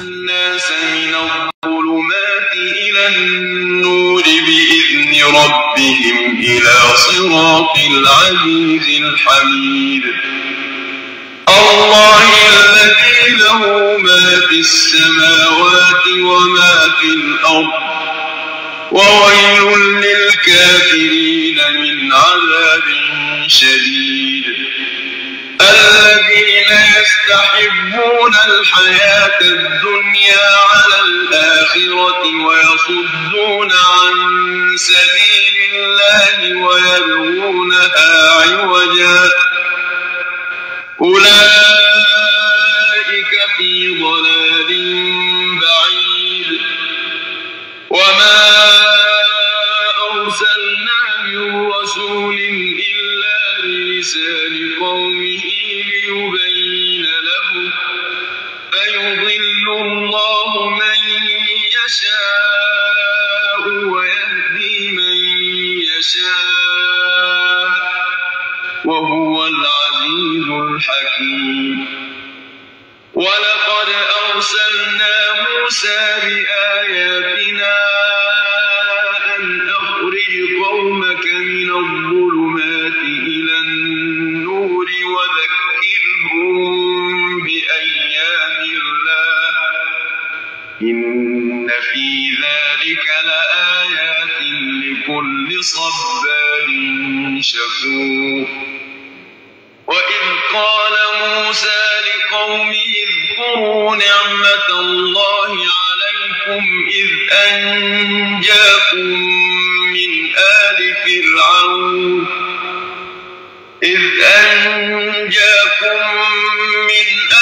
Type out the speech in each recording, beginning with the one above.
الناس من الظلمات إلى النور بإذن ربهم إلى صراط العزيز الحميد الله الذي له ما في السماوات وما في الأرض وويل للكافرين من عذاب شديد يستحبون الحياة الدنيا على الآخرة ويصدون عن سبيل الله ويبغونها عوجا أولئك في ضلال بعيد وما أرسلنا من رسول بلسان قومه ليبين له فيضل الله من يشاء ويهدي من يشاء وهو العزيز الحكيم ولقد أرسلنا موسى بآياتنا في ذلك لآيات لكل صبار شكور وإذ قال موسى لقومه اذكروا نعمة الله عليكم إذ أنجاكم من آل فرعون إذ أنجاكم من آل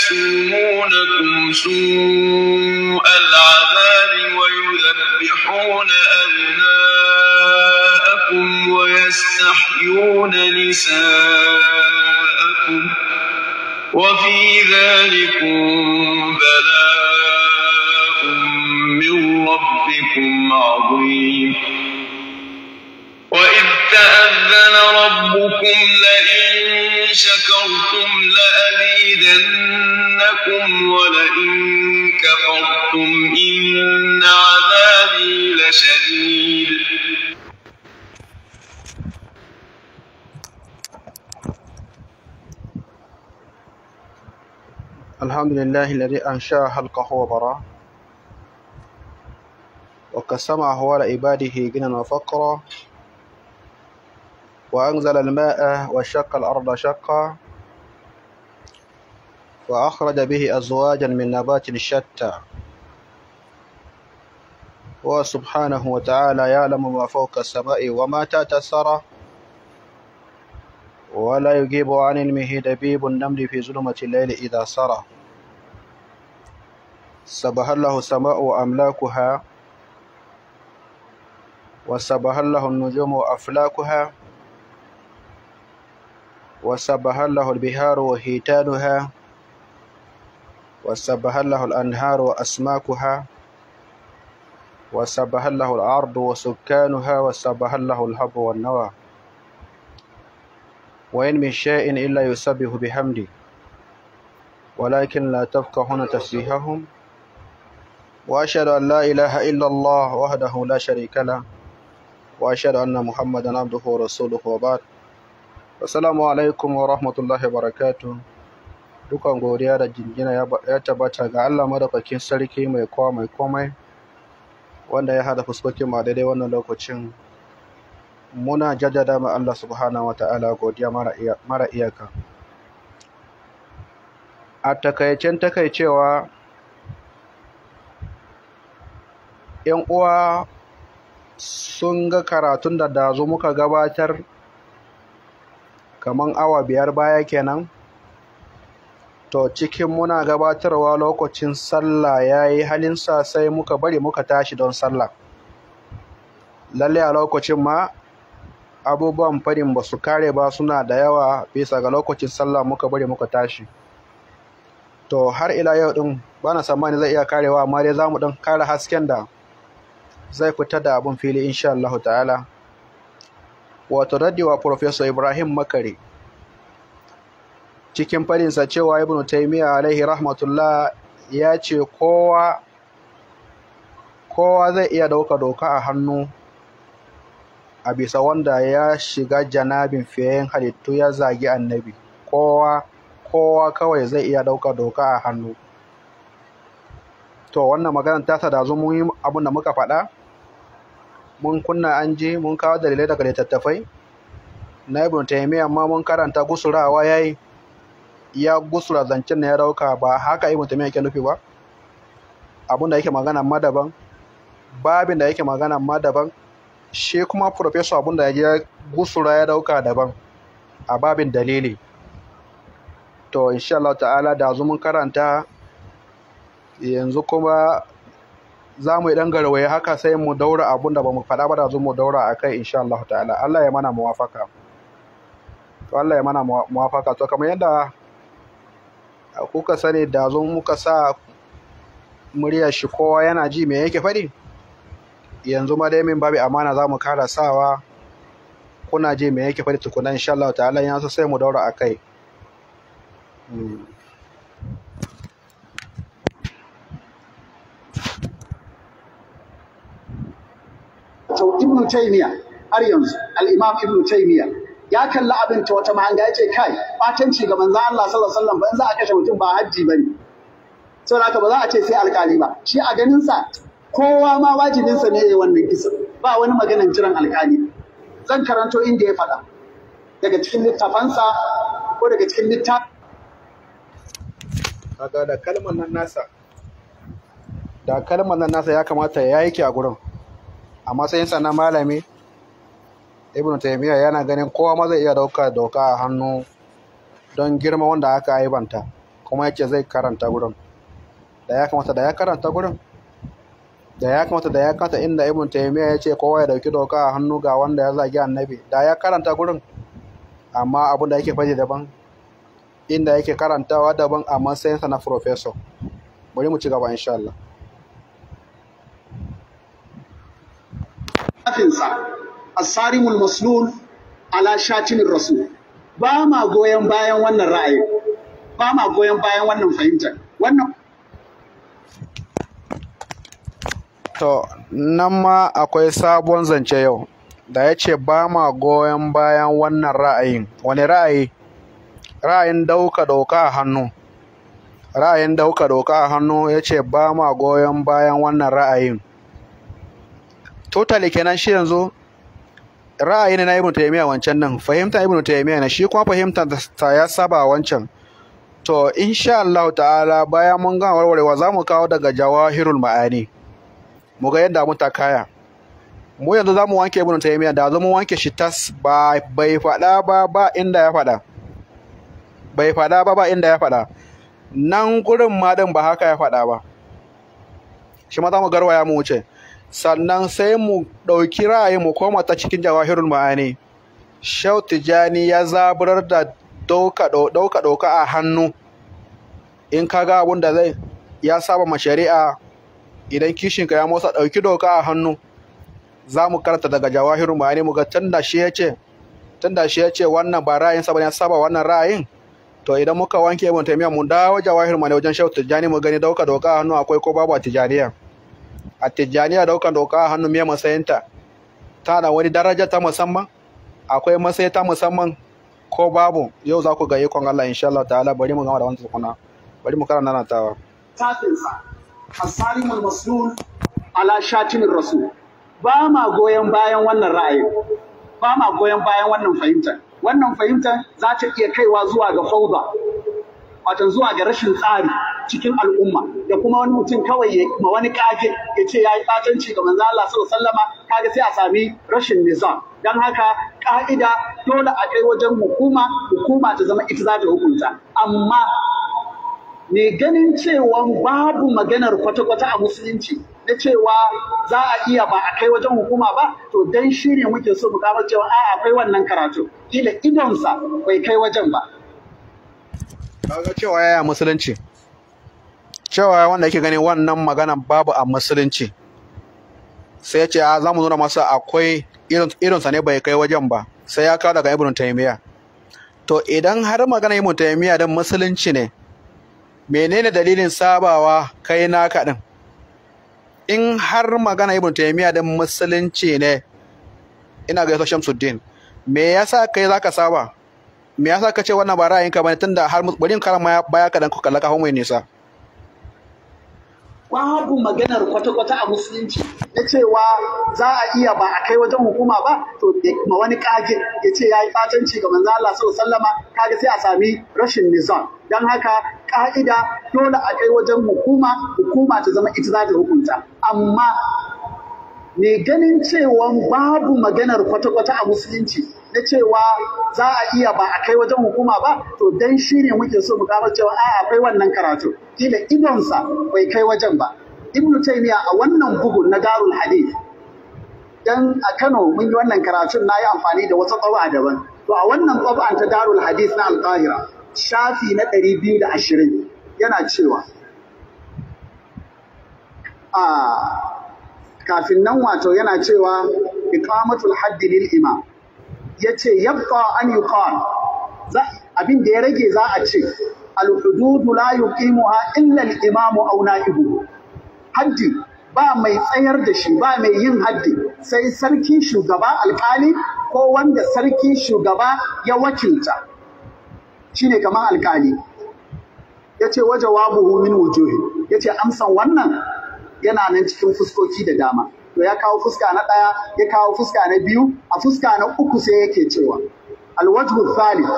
يسومونكم سوء العذاب ويذبحون أبناءكم ويستحيون نساءكم وفي ذلكم بلاء من ربكم عظيم وإذ تأذن ربكم لئن شكرتم لأزيدنكم ولئن كفرتم إن عذابي لشديد الحمد لله الذي أنشأ حلقه وبرا وقسم على عباده جنا وفقرا وأنزل الماء وشق الأرض شقا وأخرج به أزواجا من نبات شتى وسبحانه وتعالى يعلم ما فوق السماء وما تحت الثرى ولا يجيب عن علمه دبيب النمل في ظلمة الليل إذا سرى سبح له السماء وأملاكها وسبح له النجوم وأفلاكها وسبح الله البحار وحيتانها وسبح الله الأنهار وأسماكها وسبح الله الأرض وسكانها وسبح الله الحب والنوى وإن من شيء إلا يسبح بحمده ولكن لا تفقهون تسبيحهم وأشهد أن لا إله إلا الله وحده لا شريك له وأشهد أن محمدا عبده ورسوله وبعد Assalamu alaikum wa rahmatullahi wa barakatuh. Dukan godiya da jingina ya tabbata ga Allah madaukakin sarki mai kowa mai komai wanda ya hada fuskokin ma daidai wannan lokacin. Muna jaddada ma Allah subhanahu wa ta'ala godiya mara iyaka. A takaicen takaicewa ‘yan uwa sun ga karatun da dazu muka gabatar kaman awa biyar baya kenan to cikin muna gabatarwa lokacin sallah ya yi sa, sai muka bari muka tashi don sallah lalle a lokacin ma abubuwan farin ba su kare ba suna da yawa bisa ga lokacin sallah muka bari muka tashi to har ila yau din bana tsammani zai iya karewa amma dai za mu dan kare hasken da zai fita da abun fili insha Allah ta'ala wato raddewa Profesor Ibrahim Makare. Cikin farinsa cewa Ibn Taymiyya alaihi rahmatullah ya ce kowa kowa zai iya dauka doka a hannu a bisa wanda ya shiga janabin fiyayen halittu ya zagi annabi kowa kowa kawai zai iya dauka doka a hannu to wannan magana ta da zumuyin abin da muka faɗa mun kunna an ji mun kawo dalilai daga littattafai na ibn taimiyya amma mun karanta gusurawa yi ya gusura zancen na ya rauka ba haka ibn taimiyya yake nufi ba abin da yake magana ma daban babin da yake magana ma daban shi kuma profesor abin da ya gusura ya dauka daban a babin dalili to insha Allah ta'ala da mun karanta yanzu kuma za mu yi ɗan garwaye haka sai mu daura abun da ba mu faɗa ba da mu daura a kai insha Allah ta'ala Allah ya mana muwafaka to Allah ya mana muwafaka to kamar yadda kuka sani da zo muka sa murya shi kowa yana ji me yake faɗi yanzu ma dai min babu amana za mu kara sawa kuna ji me yake faɗi tukuna insha Allah ta'ala yanzu sai mu daura a kai hmm. wato ibn taymiya har yanzu al-imam ibn taymiya ya kalli abin ta wata mahanga ya ce kai batanci ga manzon Allah sallallahu alaihi wasallam ban za a kashe mutum ba haji bane saboda haka ba za a ce sai alƙali ba shi a ganin sa kowa ma wajibinsa ne ya wannan kisa ba wani maganan jiran alkali zan karanto inda ya faɗa daga cikin littafansa ko daga cikin littafin kaga da kalmar nan nasa da kalmar nan nasa ya kamata ya yake a gurin a matsayinsa na malami ibn taimiyya yana ganin kowa ma zai iya dauka doka a hannu don girma wanda aka aibanta kuma yake zai karanta gurin da ya kamata da ya karanta gurin da ya kamata da ya kamata inda ibn taimiyya ya ce kowa ya dauki doka a hannu ga wanda ya zagi annabi da ya karanta gurin amma abin da yake faɗi daban inda yake karantawa daban a matsayinsa na professor bari mu ci gaba insha Allah littafinsa asarimul maslul ala shatinin rasul ba ma goyon bayan wannan ra'ayi ba ma goyon bayan wannan fahimtar wannan to nan ma akwai sabon zance yau da ya ce ba ma goyon bayan wannan ra'ayin wani ra'ayi ra'ayin dauka doka a hannu ra'ayin dauka doka a hannu ya ce ba ma goyon bayan wannan ra'ayin totally kenan shi yanzu ra'ayi na ibnu taymiya wancan nan fahimta ibnu taymiya na shi kuma fahimta ta ya saba wancan to insha Allah ta'ala bayan mun gama warwarewa za mu kawo daga jawahirul ma'ani mu ga yadda mun ta kaya mu yanzu za mu wanke ibnu taymiya da mu wanke shi tas ba bai faɗa ba ba inda ya faɗa bai faɗa ba ba inda ya faɗa nan gurin ma din ba haka ya faɗa ba shi ma za mu garwaya mu wuce sannan sai mu ɗauki ra'ayi mu koma ta cikin jawahirul ma'ani shau tijani ya zaburar da ɗauka ɗauka a hannu in ka ga abun da zai ya saba ma shari'a idan kishinka ya motsa ɗauki doka a hannu za mu karanta daga jawahirul ma'ani mu ga tun da shi ya ce tun da shi ya ce wannan ba ra'ayin sa ne, ya saba wannan ra'ayin to idan muka wanke ibn taymiya mu dawo jawahirul ma'ani wajen shau tijani mu gani ɗauka ɗauka a hannu akwai ko babu a tijaniya a tijjaniya daukan doka a hannun mai matsayinta da wani daraja ta musamman akwai matsayi ta musamman ko babu yau za ku ga ikon Allah insha Allah ta'ala bari mu gama da wannan tukuna bari mu karanta nan tawa tafinsa al-maslul ala shatin rasul ba ma goyon bayan wannan ra'ayi ba ma goyon bayan wannan fahimta wannan fahimta za ta iya kaiwa zuwa ga fauda wato zuwa ga rashin tsari cikin al'umma da kuma wani mutum kawai ya ma wani kage ya ce ya yi tsatanci ga manzo Allah sallallahu alaihi wasallama kaga sai a sami rashin nizam dan haka ka'ida dole a kai wajen hukuma hukuma ta zama ita za ta hukunta amma ne ganin cewa babu maganar kwata-kwata a musulunci na cewa za a iya ba a kai wajen hukuma ba to dan shi ne muke so mu kamar cewa a akwai wannan karatu kila idonsa bai kai wajen ba kaga cewa yaya musulunci cewa wanda yake gani wannan magana babu a musulunci sai ya ce a za mu nuna masa akwai irinsa ne bai kai wajen ba sai ya kawo daga ibn taimiyya to idan har magana ibn taimiyya don musulunci ne menene dalilin sabawa kai naka din in har magana ibn taimiyya don musulunci ne ina ga Shamsuddin me yasa kai za ka saba me yasa ka ce wannan ba ra'ayinka bane tunda har bari in karama baya ka dan ku kallaka mai nisa babu maganar kwata-kwata a musulunci na cewa za a iya ba a kai wajen hukuma ba to ma wani ƙage ya ce ya yi fatanci ga manzo Allah sallallahu alaihi kaga sai a sami rashin nizam dan haka ka'ida dole a kai wajen hukuma hukuma ta zama ita za ta hukunta amma ne ganin cewa babu maganar kwata-kwata a musulunci na cewa za a iya ba a kai wajen hukuma ba to dan shirin muke so mu gano cewa a akwai wannan karatu kila idonsa bai kai wajen ba ibnu taymiya a wannan bugun na darul hadith dan a Kano mun yi wannan karatun na yi amfani da wata tsawa daban to a wannan tsawa ta darul hadith na al-qahira shafi na 220 yana cewa a ah, kafin nan wato yana cewa iqamatul haddi lil imam ya ce yabba an yuqal abin da ya rage za a ce al-hududu la ha illa al-imam aw na'ibu haddi ba mai tsayar da shi ba mai yin haddi sai sarki shugaba alkali ko wanda sarki shugaba ya wakilta shine kamar alkali yace wabu min wujuhi yace amsan wannan yana nan cikin fuskoki da dama to ya kawo fuska na ɗaya ya kawo fuska na biyu a fuska na uku sai yake cewa alwajhu salih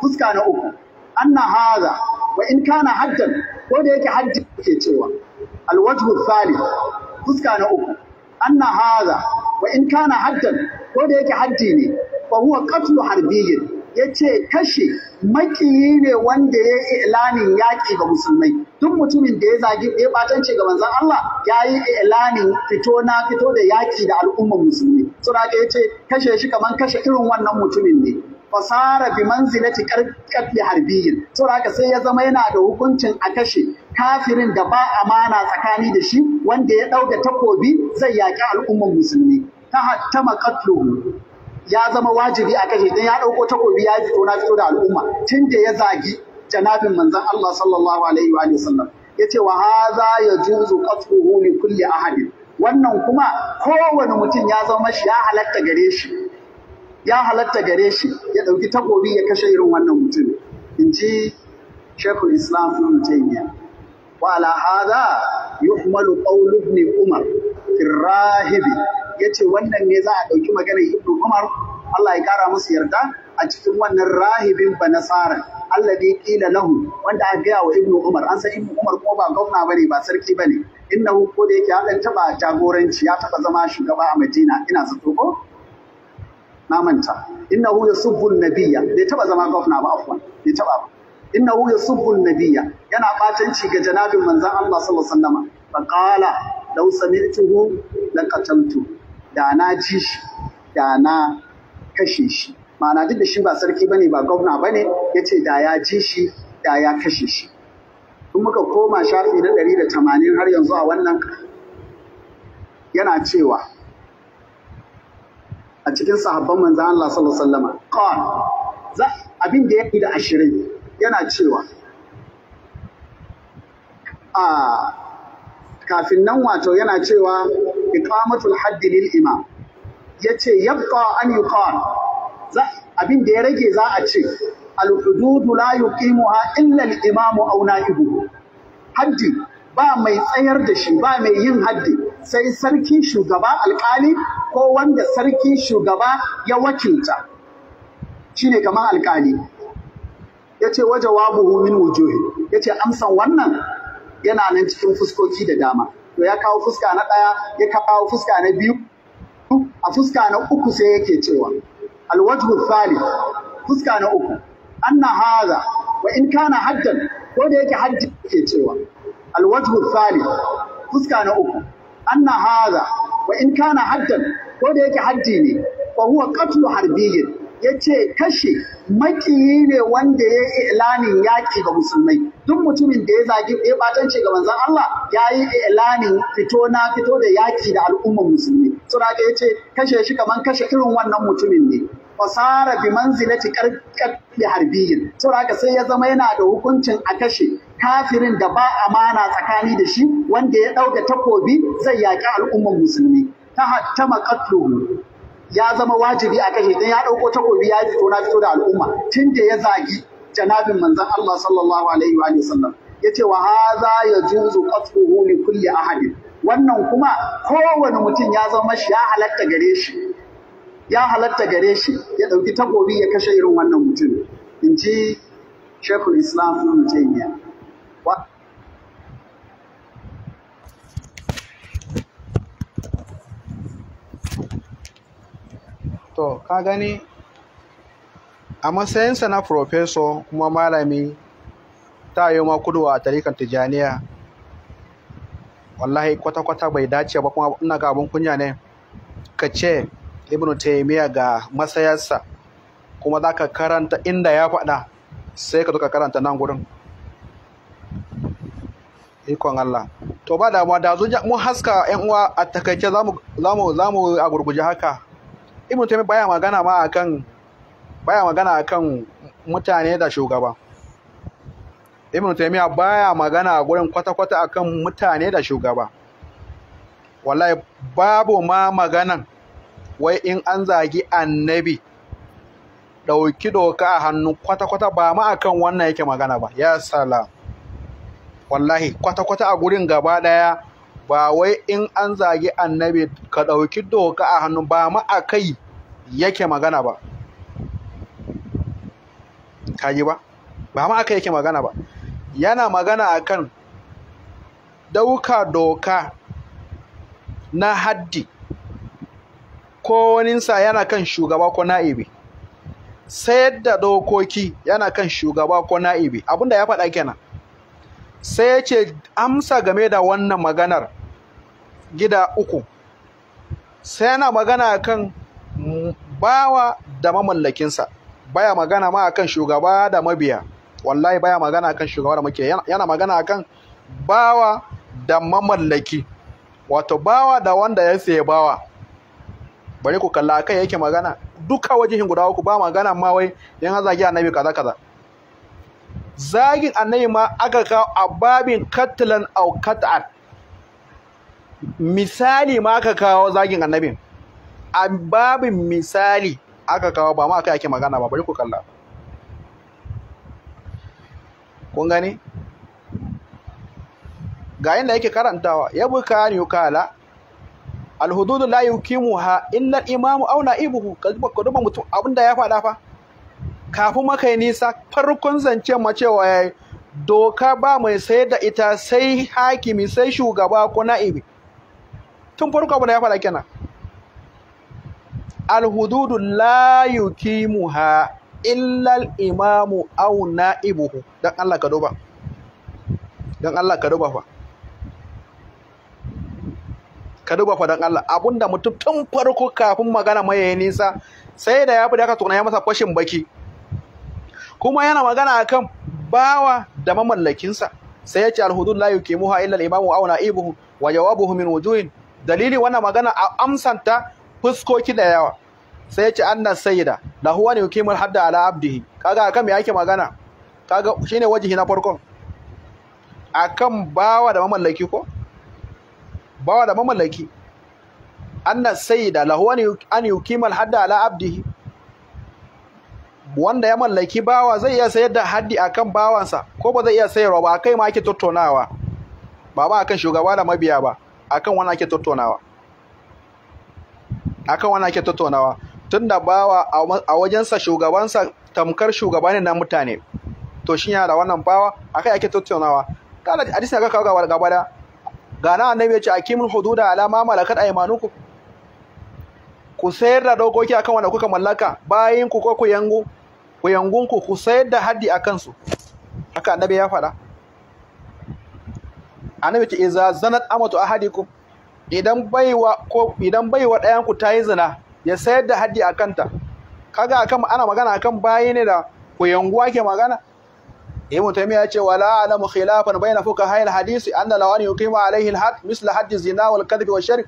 fuska na uku anna hadha wa in kana haddan ko da yake haddi yake cewa alwajhu salih fuska na uku anna hadha wa in kana haddan ko da yake haddi ne fa huwa qatlu harbiyyin ya ce kashe makiyi ne wanda ya yi ilanin yaƙi ga musulmai duk mutumin da ya zagi ya batanci ga manzon Allah ya yi ilanin fito na fito da yaƙi da al'ummar musulmi sura ka ya ce kashe shi kamar kashe irin wannan mutumin ne fasara bi manzilati karfi harbiyin sura ka sai ya zama yana da hukuncin a kashe kafirin da ba amana tsakani da shi wanda ya ɗauka takobi zai yaƙi al'ummar musulmi ta hattama katluhu ya zama wajibi a kashe dan ya ɗauko takobi ya fito na fito da al'umma da ya zagi janabin manzon Allah sallallahu alaihi wa sallam yace wa hadha yajuzu qatluhu li kulli ahadin wannan kuma kowane mutum ya zama shi ya halatta gare shi ya halatta gare shi ya ɗauki takobi ya kashe irin wannan mutum in ji shekul islam ibn wa ala hadha yuhmalu qawlu ibn umar fi rahibi ya ce wannan ne za a ɗauki maganar ibnu umar Allah ya kara musu yarda a cikin wannan rahibin allah alladhi ƙila lahu wanda an gaya wa ibnu umar an san ibnu umar ko ba gwamna bane ba sarki bane innahu ko da yake ya dan taba jagoranci ya taba zama shugaba a madina ina zato ko na manta innahu yasubbu nabiyya bai taba zama gwamna ba afwan bai taba ba innahu yasubbu nabiyya yana batanci ga janabin manzon Allah sallallahu alaihi wasallam faqala law sami'tuhu laqataltu da na ci shi da na kashe shi ma'ana duk da shi ba sarki bane ba gwamna bane ya ce da ya ci shi da ya kashe shi in muka koma shafi na ɗari da tamanin har yanzu a wannan yana cewa a cikin sahabban manzan Allah sallallahu alaihi wasallam abin da ya fi da ashirin yana cewa a ah, kafin nan wato yana cewa iqamatul haddi lil imam yace yabqa an yuqal abin da ya rage za a ce al hududu la yuqimuha illa al imam aw naibuhu haddi ba mai tsayar da shi ba mai yin haddi sai sarki shugaba alkali ko wanda sarki shugaba ya wakilta shine kamar alkali yace wa jawabuhu min wujuhi yace amsan wannan yana nan cikin fuskoki da dama to ya kawo fuska na ɗaya ya kawo fuska na biyu a fuska na uku sai yake cewa alwajhu thalith fuska na uku anna hadha wa in kana haddan ko da yake haddi yake cewa alwajhu thalith fuska na uku anna hadha wa in kana haddan ko da yake haddi ne fa huwa qatlu harbiyyin ya ce kashe makiyi ne wanda ya yi ilanin yaƙi ga musulmai duk mutumin da ya zagi ya ɓatance ga manzon Allah ya yi ilanin fito na fito da yaƙi da al'ummar musulmi sura ya ce kashe shi kamar kashe irin wannan mutumin ne fasara bi manzilati karbi harbiyin saboda sai ya zama yana da hukuncin a kashe kafirin da ba amana tsakani da shi wanda ya ɗauka takobi zai yaƙi al'ummar musulmi ta hattama qatluhu ya zama wajibi a kashe dan ya dauko takobi ya fito na fito da al'umma tunda ya zagi janabin manzon Allah sallallahu alaihi wa sallam yace wa hadha yajuzu qatluhu li kulli ahadin wannan kuma kowane mutum ya zama shi ya halatta gare shi ya halatta gare shi ya dauki takobi ya kashe irin wannan mutum in ji Shekul Islam Ibn ya to ka gani a matsayinsa na profeso kuma malami ta yi ma kudu a tarikan tijaniya wallahi kwata-kwata bai dace ba kuma ina ga abun kunya ne ka ce ibnu taimiyya ga matsayarsa kuma za ka karanta inda ya faɗa sai ka zuka karanta nan gurin ikon Allah to ba da mu haska yan uwa a takaice za mu a gurguje haka ibn taymiya baya magana ma akan baya magana akan mutane da shugaba ibn taymiya baya magana gurin kwata-kwata akan mutane da shugaba wallahi babu ma maganan wai in an zagi annabi ɗauki doka a hannu kwata-kwata ba ma akan wannan yake magana ba ya sala wallahi kwata-kwata a gurin gaba ɗaya ba wai in an zagi annabi ka ɗauki doka a hannu ba ma a kai yake magana ba kaji ba ba ma kai yake magana ba yana magana a kan ɗauka doka na haddi ko waninsa yana kan shugaba ko na'ibi sayar da dokoki yana kan shugaba ko na'ibi abinda ya faɗa kenan sai ya ce amsa game da wannan maganar gida uku sai yana magana kan bawa da mamallakinsa baya magana ma akan shugaba da mabiya wallahi baya magana akan shugaba da makiya yana magana akan bawa da mamallaki wato bawa da wanda ya saye bawa bari ku kalla kai yake magana duka wajihin guda uku ba magana ma wai yan na annabi kaza kaza zagin annabi ma aka kawo a babin katlan au misali ma aka kawo zagin annabin a babin misali aka kawo ba ma aka yake magana ba bari ku kalla kun gani? ga yadda yake karantawa ya buka ni kala alhududu la yukimuha illa imamu aw na'ibuhu ka duba mutum abinda ya faɗa fa kafin makai yi nisa farkon zance ma cewa yayi doka ba mai sayar da ita sai hakimi sai shugaba ko na'ibi tun farko abu da ya faɗa kenan alhududu la yuqimuha illa al-imamu aw na'ibuhu dan Allah ka duba dan Allah ka duba fa ka duba fa dan Allah abunda mutum tun farko kafin magana mai yayi nisa sai da ya fi daga tukuna ya masa fashin baki kuma yana magana akan bawa da mamallakinsa sai ya ce alhududu la yuqimuha illa al-imamu aw na'ibuhu wa jawabuhu min wujuhin dalili wannan magana a amsanta fuskoki da yawa sai ya ce anna sayyida da huwa ne yukimul hadda ala abdihi kaga akan me yake magana kaga shine wajihi na farkon akan bawa da mamallaki ko bawa da mamallaki anna sayyida la huwa an yukimal hadda ala abdihi wanda ya mallaki bawa zai iya sayar da haddi akan bawansa ko ba zai iya sayarwa ba kai ma ake tattaunawa ba ba akan shugaba da mabiya ba akan wani ake tattaunawa akan wani ake tattaunawa tunda bawa a wajensa shugabansa tamkar shugaba ne na mutane to shi yana da wannan bawa akai ake tattaunawa kana hadisi ga kawo gaba da gana annabi ya ce akimul hududa ala ma malakat aymanukum ku sayar da dokoki akan wanda kuka mallaka bayin ku ko ku yangu ku yangunku ku sayar da haddi akan su haka annabi ya faɗa annabi ce iza zanat amatu ahadikum idan baiwa ko idan baiwa ɗayan ku ta yi zina ya sayar da haddi a kanta kaga akan ana magana akan bayi ne da yanguwa ke magana Ibn Taymiyyah ya ce wala alamu khilafan bayna fuka, hayal hadisi anna lawani yuqima alayhi alhad misla haddi zina wal kadhib wa shirk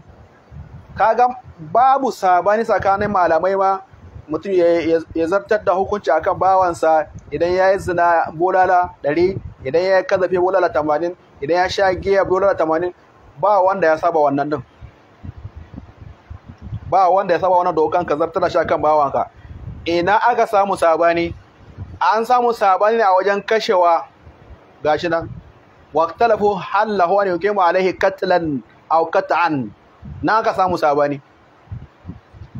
kaga babu sabani tsakanin malamai ma mutum ya zartar da hukunci akan bawansa idan ya yi zina bolala ɗari idan ya yi kazafe bolala tamanin idan ya sha giya biyu da tamanin ba wanda ya saba wannan din ba wanda ya saba wannan dokan ka zartar da shakan bawanka ina aka samu sabani an samu sabani a wajen kashewa gashi nan waqtalafu halahu an yuqimu alaihi qatlan aw qat'an na aka samu sabani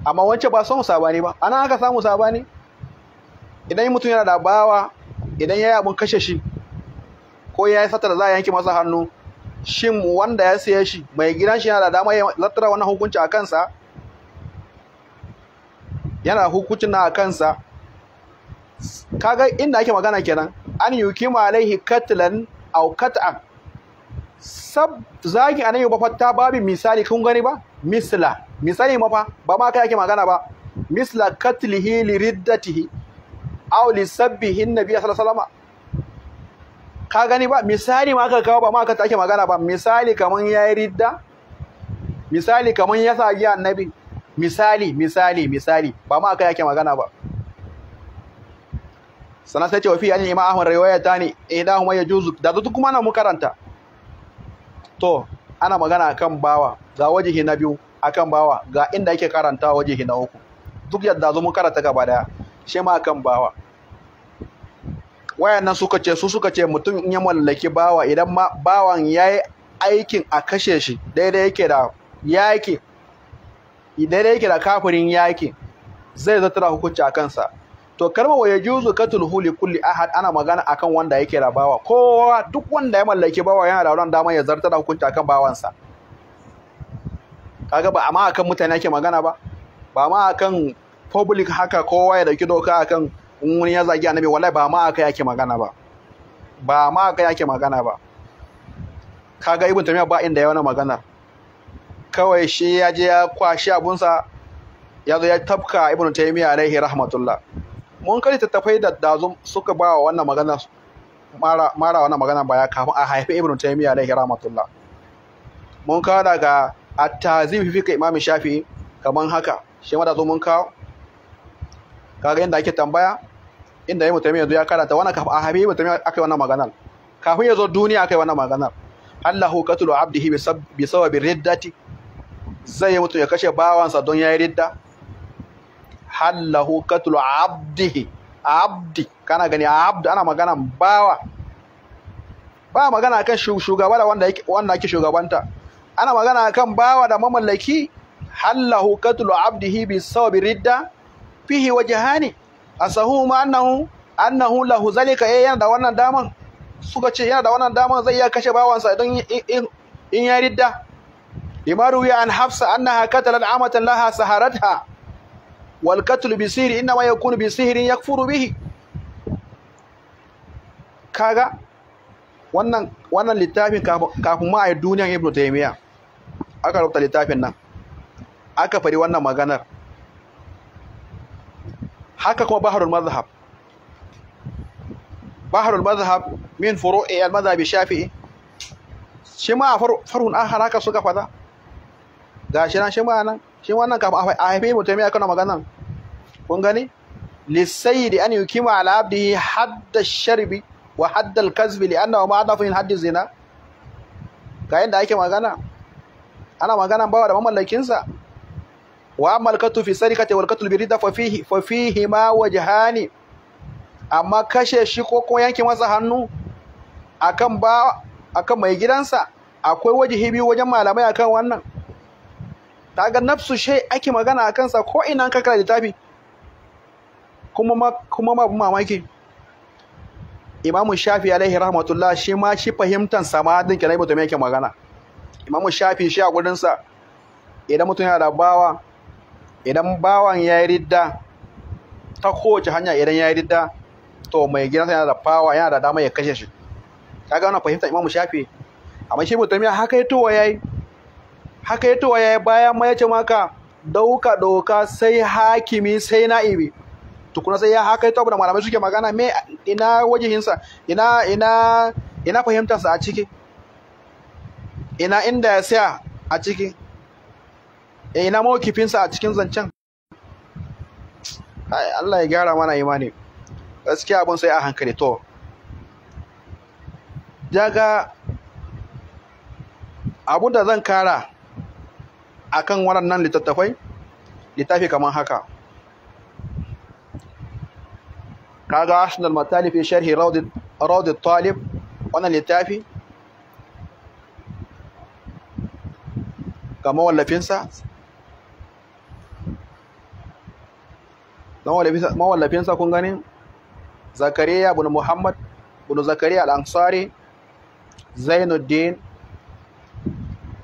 amma wancan ba son sabani ba ana aka samu sabani idan mutum yana da bawa idan ya yi abin kashe shi ko ya yi satar za a yanke masa hannu shin wanda ya siya shi mai gidan shi yana da dama ya lattara wannan hukunci a kansa yana hukuncin na a kansa kaga inda ake magana kenan an yukima alaihi katlan aw kat'an sab zaki anan ba fa ta babi misali kun gani ba misla misali ma fa ba ma kai ake magana ba misla katlihi li riddatihi aw li sabbihi nabi sallallahu alaihi wasallam ka gani ba misali ma aka kawo ba ma aka take magana ba misali kaman yi ridda misali kaman ya sagi annabi misali misali misali ba ma aka yake magana ba sannan sai ce wafi an imam ahmad ta ne idan huma juzu da zutu kuma na mu karanta to ana magana akan bawa ga wajihi na biyu akan bawa ga inda yake karanta wajihi na uku duk yadda zo mu karanta gaba daya shi ma akan bawa wayannan suka ce su suka ce mutum in ya mallaki bawa idan ma bawan yi aikin a kashe shi daidai yake da yaki daidai yake da kafirin yaki zai zartara hukunci a kansa to karma wa yajuzu katul huli kulli ahad ana magana akan wanda yake da bawa kowa duk wanda ya mallaki bawa yana da wannan dama ya zarta da hukunci akan bawansa kaga ba amma akan mutane ake magana ba ba ma akan public haka kowa ya dauki doka akan in wani ya zagi annabi wallahi ba ma aka yake magana ba ba ma aka yake magana ba kaga ibn tamiya ba inda ya wani magana kawai shi ya je ya kwashi abunsa ya zo ya tafka ibn tamiya alaihi rahmatullah mun kai tattafai da dazum suka ba wa wannan magana mara mara wannan magana baya kafin a haifi ibn tamiya alaihi rahmatullah mun kawo daga at-tazim fi fiqh imam shafi kaman haka shi ma da zo mun kawo kaga inda ake tambaya inda ya mutum yanzu ya karanta wannan kafa. a habibi mutum akai wannan maganar kafin ya zo duniya akai wannan maganar Allahu qatlu abdihi bi sababi riddati zai yi mutum ya kashe bawansa don yayi ridda Allahu qatlu abdihi abdi kana gani abdu ana magana bawa ba magana kan shugaba da wanda yake wanda yake shugabanta ana magana kan bawa da mamallaki Allahu qatlu abdihi bi sababi ridda fihi A sahu ma annahu annahu lahu zalika eh, yana da wannan daman suka ce yana da wannan daman zai iya kashe bawansa don in ya ridda limaru ya an hafsa annaha qatalat amatan laha saharatha wal qatl bi sihri inma yakunu bi sihrin yakfuru bihi kaga wannan wannan littafin kafin ma a duniyan ibnu taymiya aka rubuta littafin nan aka fari wannan maganar haka kuma baharul mazhab baharul mazhab min furu'i al mazhabi shafi'i shi ma farhun akhar haka suka fada gashi nan shi ma nan shi ma nan kafin a haife mutum ya kana maganan kun gani lissayyidi an yukima ala abdihi hadda sharbi wa hadda al-kazbi li annahu ma hadda min haddi zina ga yanda ake magana ana magana bawa da mamallakin sa wa amma alkatu fi sarikati wal qatl birida fa fihi fa fihi amma kashe shi ko kuma yanke masa hannu akan ba mai gidansa akwai waje biyu wajen malamai akan wannan kaga nafsu shay ake magana a kansa ko ina ka kara littafi kuma ma kuma mamaki Imamu Shafi alaihi rahmatullah shi ma shi fahimtar sama din kenan mutum yake magana Imamu Shafi shi a gudunsa, idan mutum yana da bawa idan bawan ya yi ridda ta kowace hanya idan ya yi ridda to mai gidansa yana da fawa yana da dama ya kashe shi kaga gano fahimta imamu shafi amma shi mutum ya haka yatowa yayi haka ya yayi bayan ma ce maka dauka doka sai hakimi sai na'ibi tukuna sai ya haka yatowa da malamai suke magana me ina wajihinsa ina ina ina fahimtarsa a ciki ina inda ya tsaya a ciki eh ina mawakifinsa a cikin zancen ai Allah ya gyara mana imani gaskiya abin sai a hankali to ga abun da zan kara akan waɗannan littattafai littafi kamar haka kaga asnal matalif fi sharhi rawd talib wannan littafi ga wallafinsa? mawallafinsa kun gani zakariya bin muhammad bin zakariya al'ansari zainuddin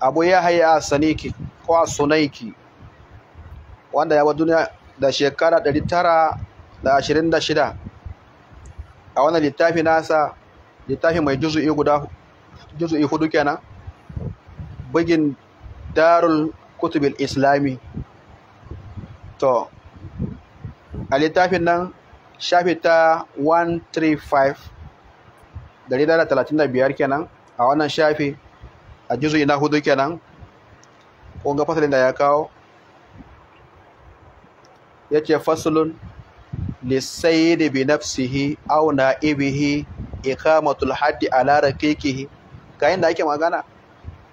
abu ya haya a saniki ko a sunaiki wanda ya wa duniya da shekara 926 a wannan littafi nasa littafi mai juzu'i guda juzu'i hudu kenan bugin darul kutubil islami to a littafin nan shafi ta 135 biyar kenan a wannan shafi a juzu na hudu kenan ƙunga fasalin da ya kawo ya ce fasulun da bi nafsihi au na ibihi ikamatul haddi lara kekihi ga da ake magana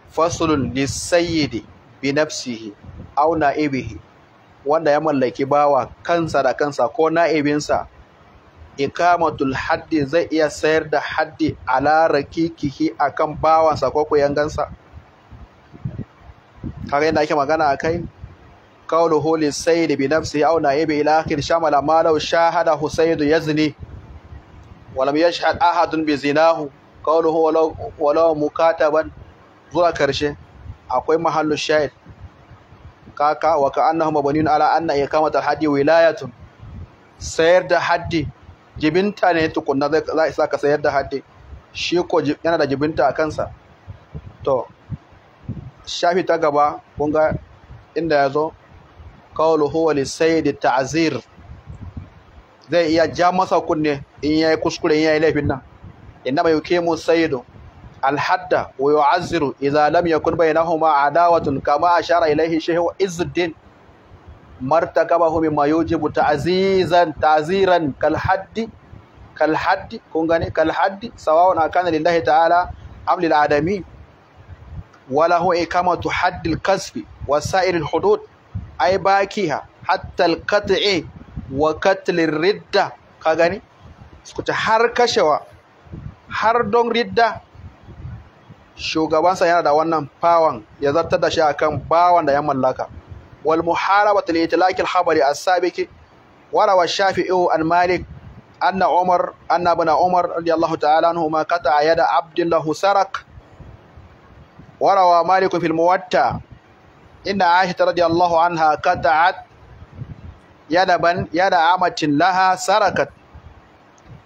fasulun da bi nafsihi au na ibihi wanda ya mallaki bawa kansa da kansa ko na'ibinsa ikamatul haddi zai iya sayar da haddi ala rakikihi akan bawansa ko kuyangansa kare yadda ake magana a kai qawluhu sayyid bi nafsi au na'ibi ila akhir shamala ma law shahada husayd yazni wa lam yashhad ahadun bi zinahu qawluhu walau mukataban zuwa karshe akwai mahallu shahid kaka wa banina, mabniyun ala anna iqamata kamata haddi wilayatun sayar da haddi jibinta ne tukunna za isa ka sayar da haddi shi ko yana da jibinta a kansa to shafi ta gaba kun ga inda ya zo kawulu huwa li sayyidi ta'zir zai iya ja masa kunne in yayi kuskure in yayi laifin nan inna ma yuqimu sayyidu alhadda wa yu'azziru idza lam yakun bainahuma adawatun kama ashara ilayhi shaykhu izzuddin martakabahu mimma yujibu ta'zizan ta'ziran kal haddi kal haddi kun sawa'un akana lillahi ta'ala am lil adami wala hu ikamatu haddi al kasb wa sa'ir al hudud ay wa qatl ar ridda ka har kashewa har don ridda shugabansa yana da wannan fawan ya zartar da shi akan bawan da ya mallaka wal muharabatu li itlaqil khabari as-sabiqi wa rawa shafi'i an malik anna umar anna ibn umar radiyallahu ta'ala anhu ma qata'a yada abdillah sarak wa rawa malik fil muwatta inna aisha radiyallahu anha qata'at yada ban yada amatin laha sarakat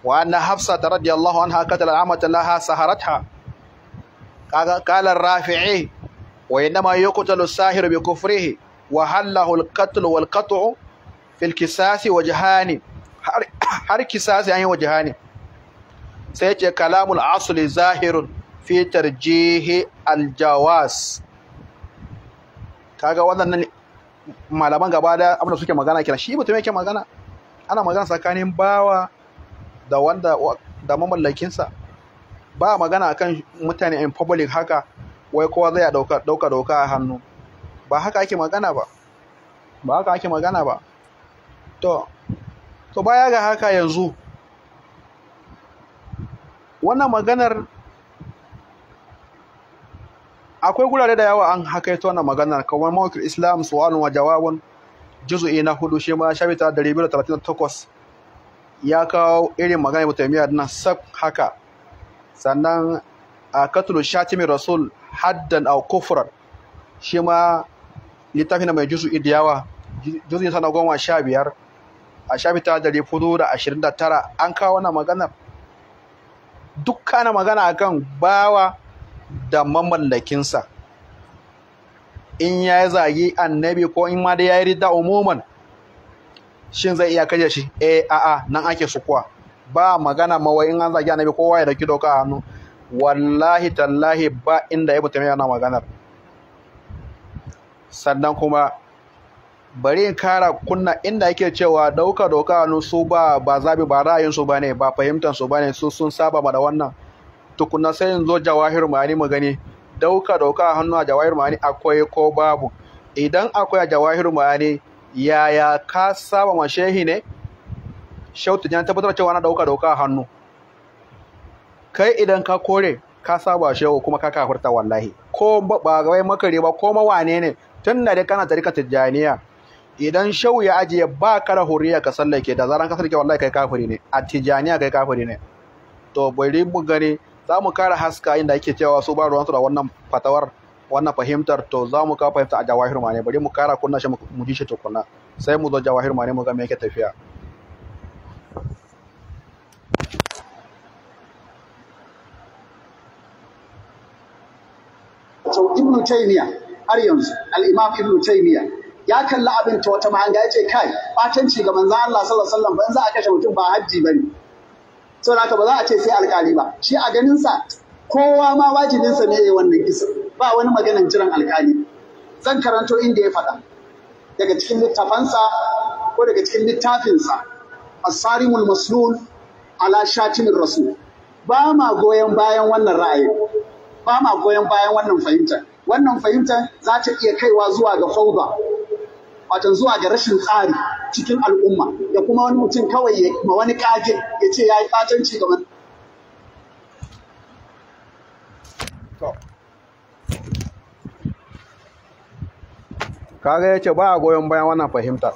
wa anna hafsa radiyallahu anha qatalat amatan laha saharatha kaga qala rafi'i wa inma yuqtalu sahiru bi kufrihi wa halahu al-qatl wal qat'u fil kisasi har kisasi an yi wajhani sai ce kalamul asuli zahiru, fi tarjihi aljawas kaga wannan malaman gaba da abinda suke magana kenan shi mutum yake magana ana magana tsakanin bawa da wanda da mamallakinsa ba magana akan mutane in public haka wai kowa zai dauka dauka doka a hannu ba haka ake magana ba ba haka ake magana ba to to baya ga haka yanzu wannan maganar akwai gurare da yawa an ita wannan maganar kamar mawakil islam su'alun wa jawabun juzu'i na hudu shi ma shabita 138 ya kawo irin magana mutumiyar na sab haka sannan a katulu mai rasul haddan a kufran shi ma na mai jisu idiyawa jusu sana goma sha biyar a shafi fita da rifudu da ashirin da tara an kawo wannan maganar na magana kan bawa da mamallakinsa in ya yi zagi annabi ko in ma da ya yi rida umuman shin zai iya kaje shi eh a'a nan ake sukuwa ba magana mawa in an zagi annabi kowa ya dauki doka hannu wallahi tallahi ba inda ya taymiya yana maganar sannan kuma bari in kara kunna inda yake cewa dauka doka hannu su ba ba zabi ba ra'ayin su bane ba fahimtar su bane su sun saba da wannan tukunna sai in zo jawahir ma'ani mu gani dauka doka hannu a jawahir ma'ani akwai ko babu idan akwai a jawahir ma'ani yaya ka saba shehi ne shautu ya tabbatar cewa ana dauka dauka hannu kai idan ka kore ka saba shehu kuma ka kafirta wallahi ko ba wai makare ba ko mawane ne tun da kana tarika tijaniya idan shehu ya ajiye ba kara huriya ka sallake da zaran ka sallake wallahi kai kafiri ne a tijaniya kai kafiri ne to bari mu gani za mu kara haska inda ake cewa su ba ruwansu da wannan fatawar wannan fahimtar to za mu kawo fahimta a jawahir mane bari mu kara kunna shi mu ji shi tukunna sai mu zo jawahir mane mu ga me yake tafiya taimiya har yanzu al-Imam Ibn taimiya ya kalli abin ta wata mahanga ya ce kai batanci ga manzan Allah sallallahu alaihi wasallam ba za a kashe mutum ba ne. bane saboda haka ba za a ce sai alƙali ba shi a ganin sa kowa ma wajibinsa ne ya wannan kisa ba wani maganan jiran alƙali zan karanto inda ya faɗa daga cikin littafansa ko daga cikin littafinsa asarimul maslul ala shatimin rasul ba ma goyon bayan wannan ra'ayi ba ma goyon bayan wannan fahimtar wannan fahimtar za ta iya kaiwa zuwa ga fauda wato zuwa ga rashin tsari cikin al'umma da kuma wani mutum kawai ya ma wani kage ya ce ya yi fatanci ga wani kaga ya ce ba a goyon bayan wannan fahimtar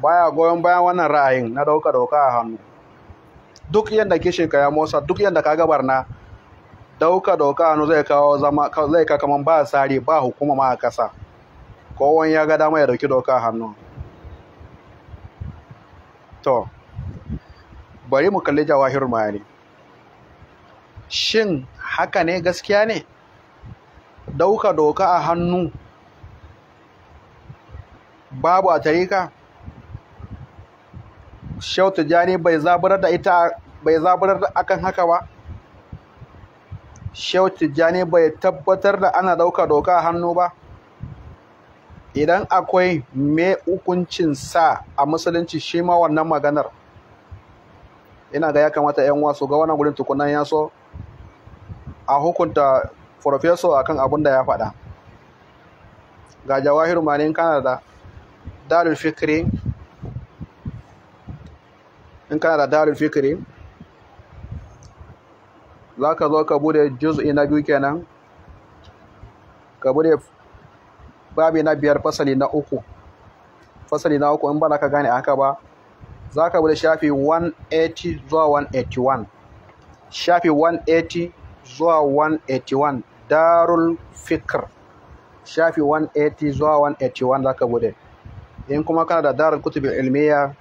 baya goyon bayan wannan ra'ayin na dauka dauka a hannu duk yadda kishinka ya motsa duk yadda ka gabar na. dauka dauka hannu zai kawo zama zai ka kaman ba sare ba hukuma ma a kasa kowan ya ga dama ya dauki dauka hannu to bari mu kalli jawahirul bayani shin haka ne gaskiya ne dauka doka a hannu babu a tarika shautu tijjani bai zaburar da ita bai zaburar da akan haka ba shehu tijjani bai tabbatar da ana ɗauka doka hannu ba idan akwai me hukuncin sa a musulunci shi ma wannan maganar ina ga ya kamata yan wasu ga wannan gurin tukunan ya so a hukunta farfeso akan abin da ya faɗa ga jawahiru manin kanada darul fikri in kanada da darul fikri za ka zo ka bude juz'i na biyu kenan ka bude babi na biyar fasali na uku fasali na uku in ba ka gane haka ba za ka bude shafi 180 zuwa 181 shafi 180 zuwa 181 darul fikr shafi 180 zuwa 181 za ka bude in kuma kana da darul kutubin ilmiya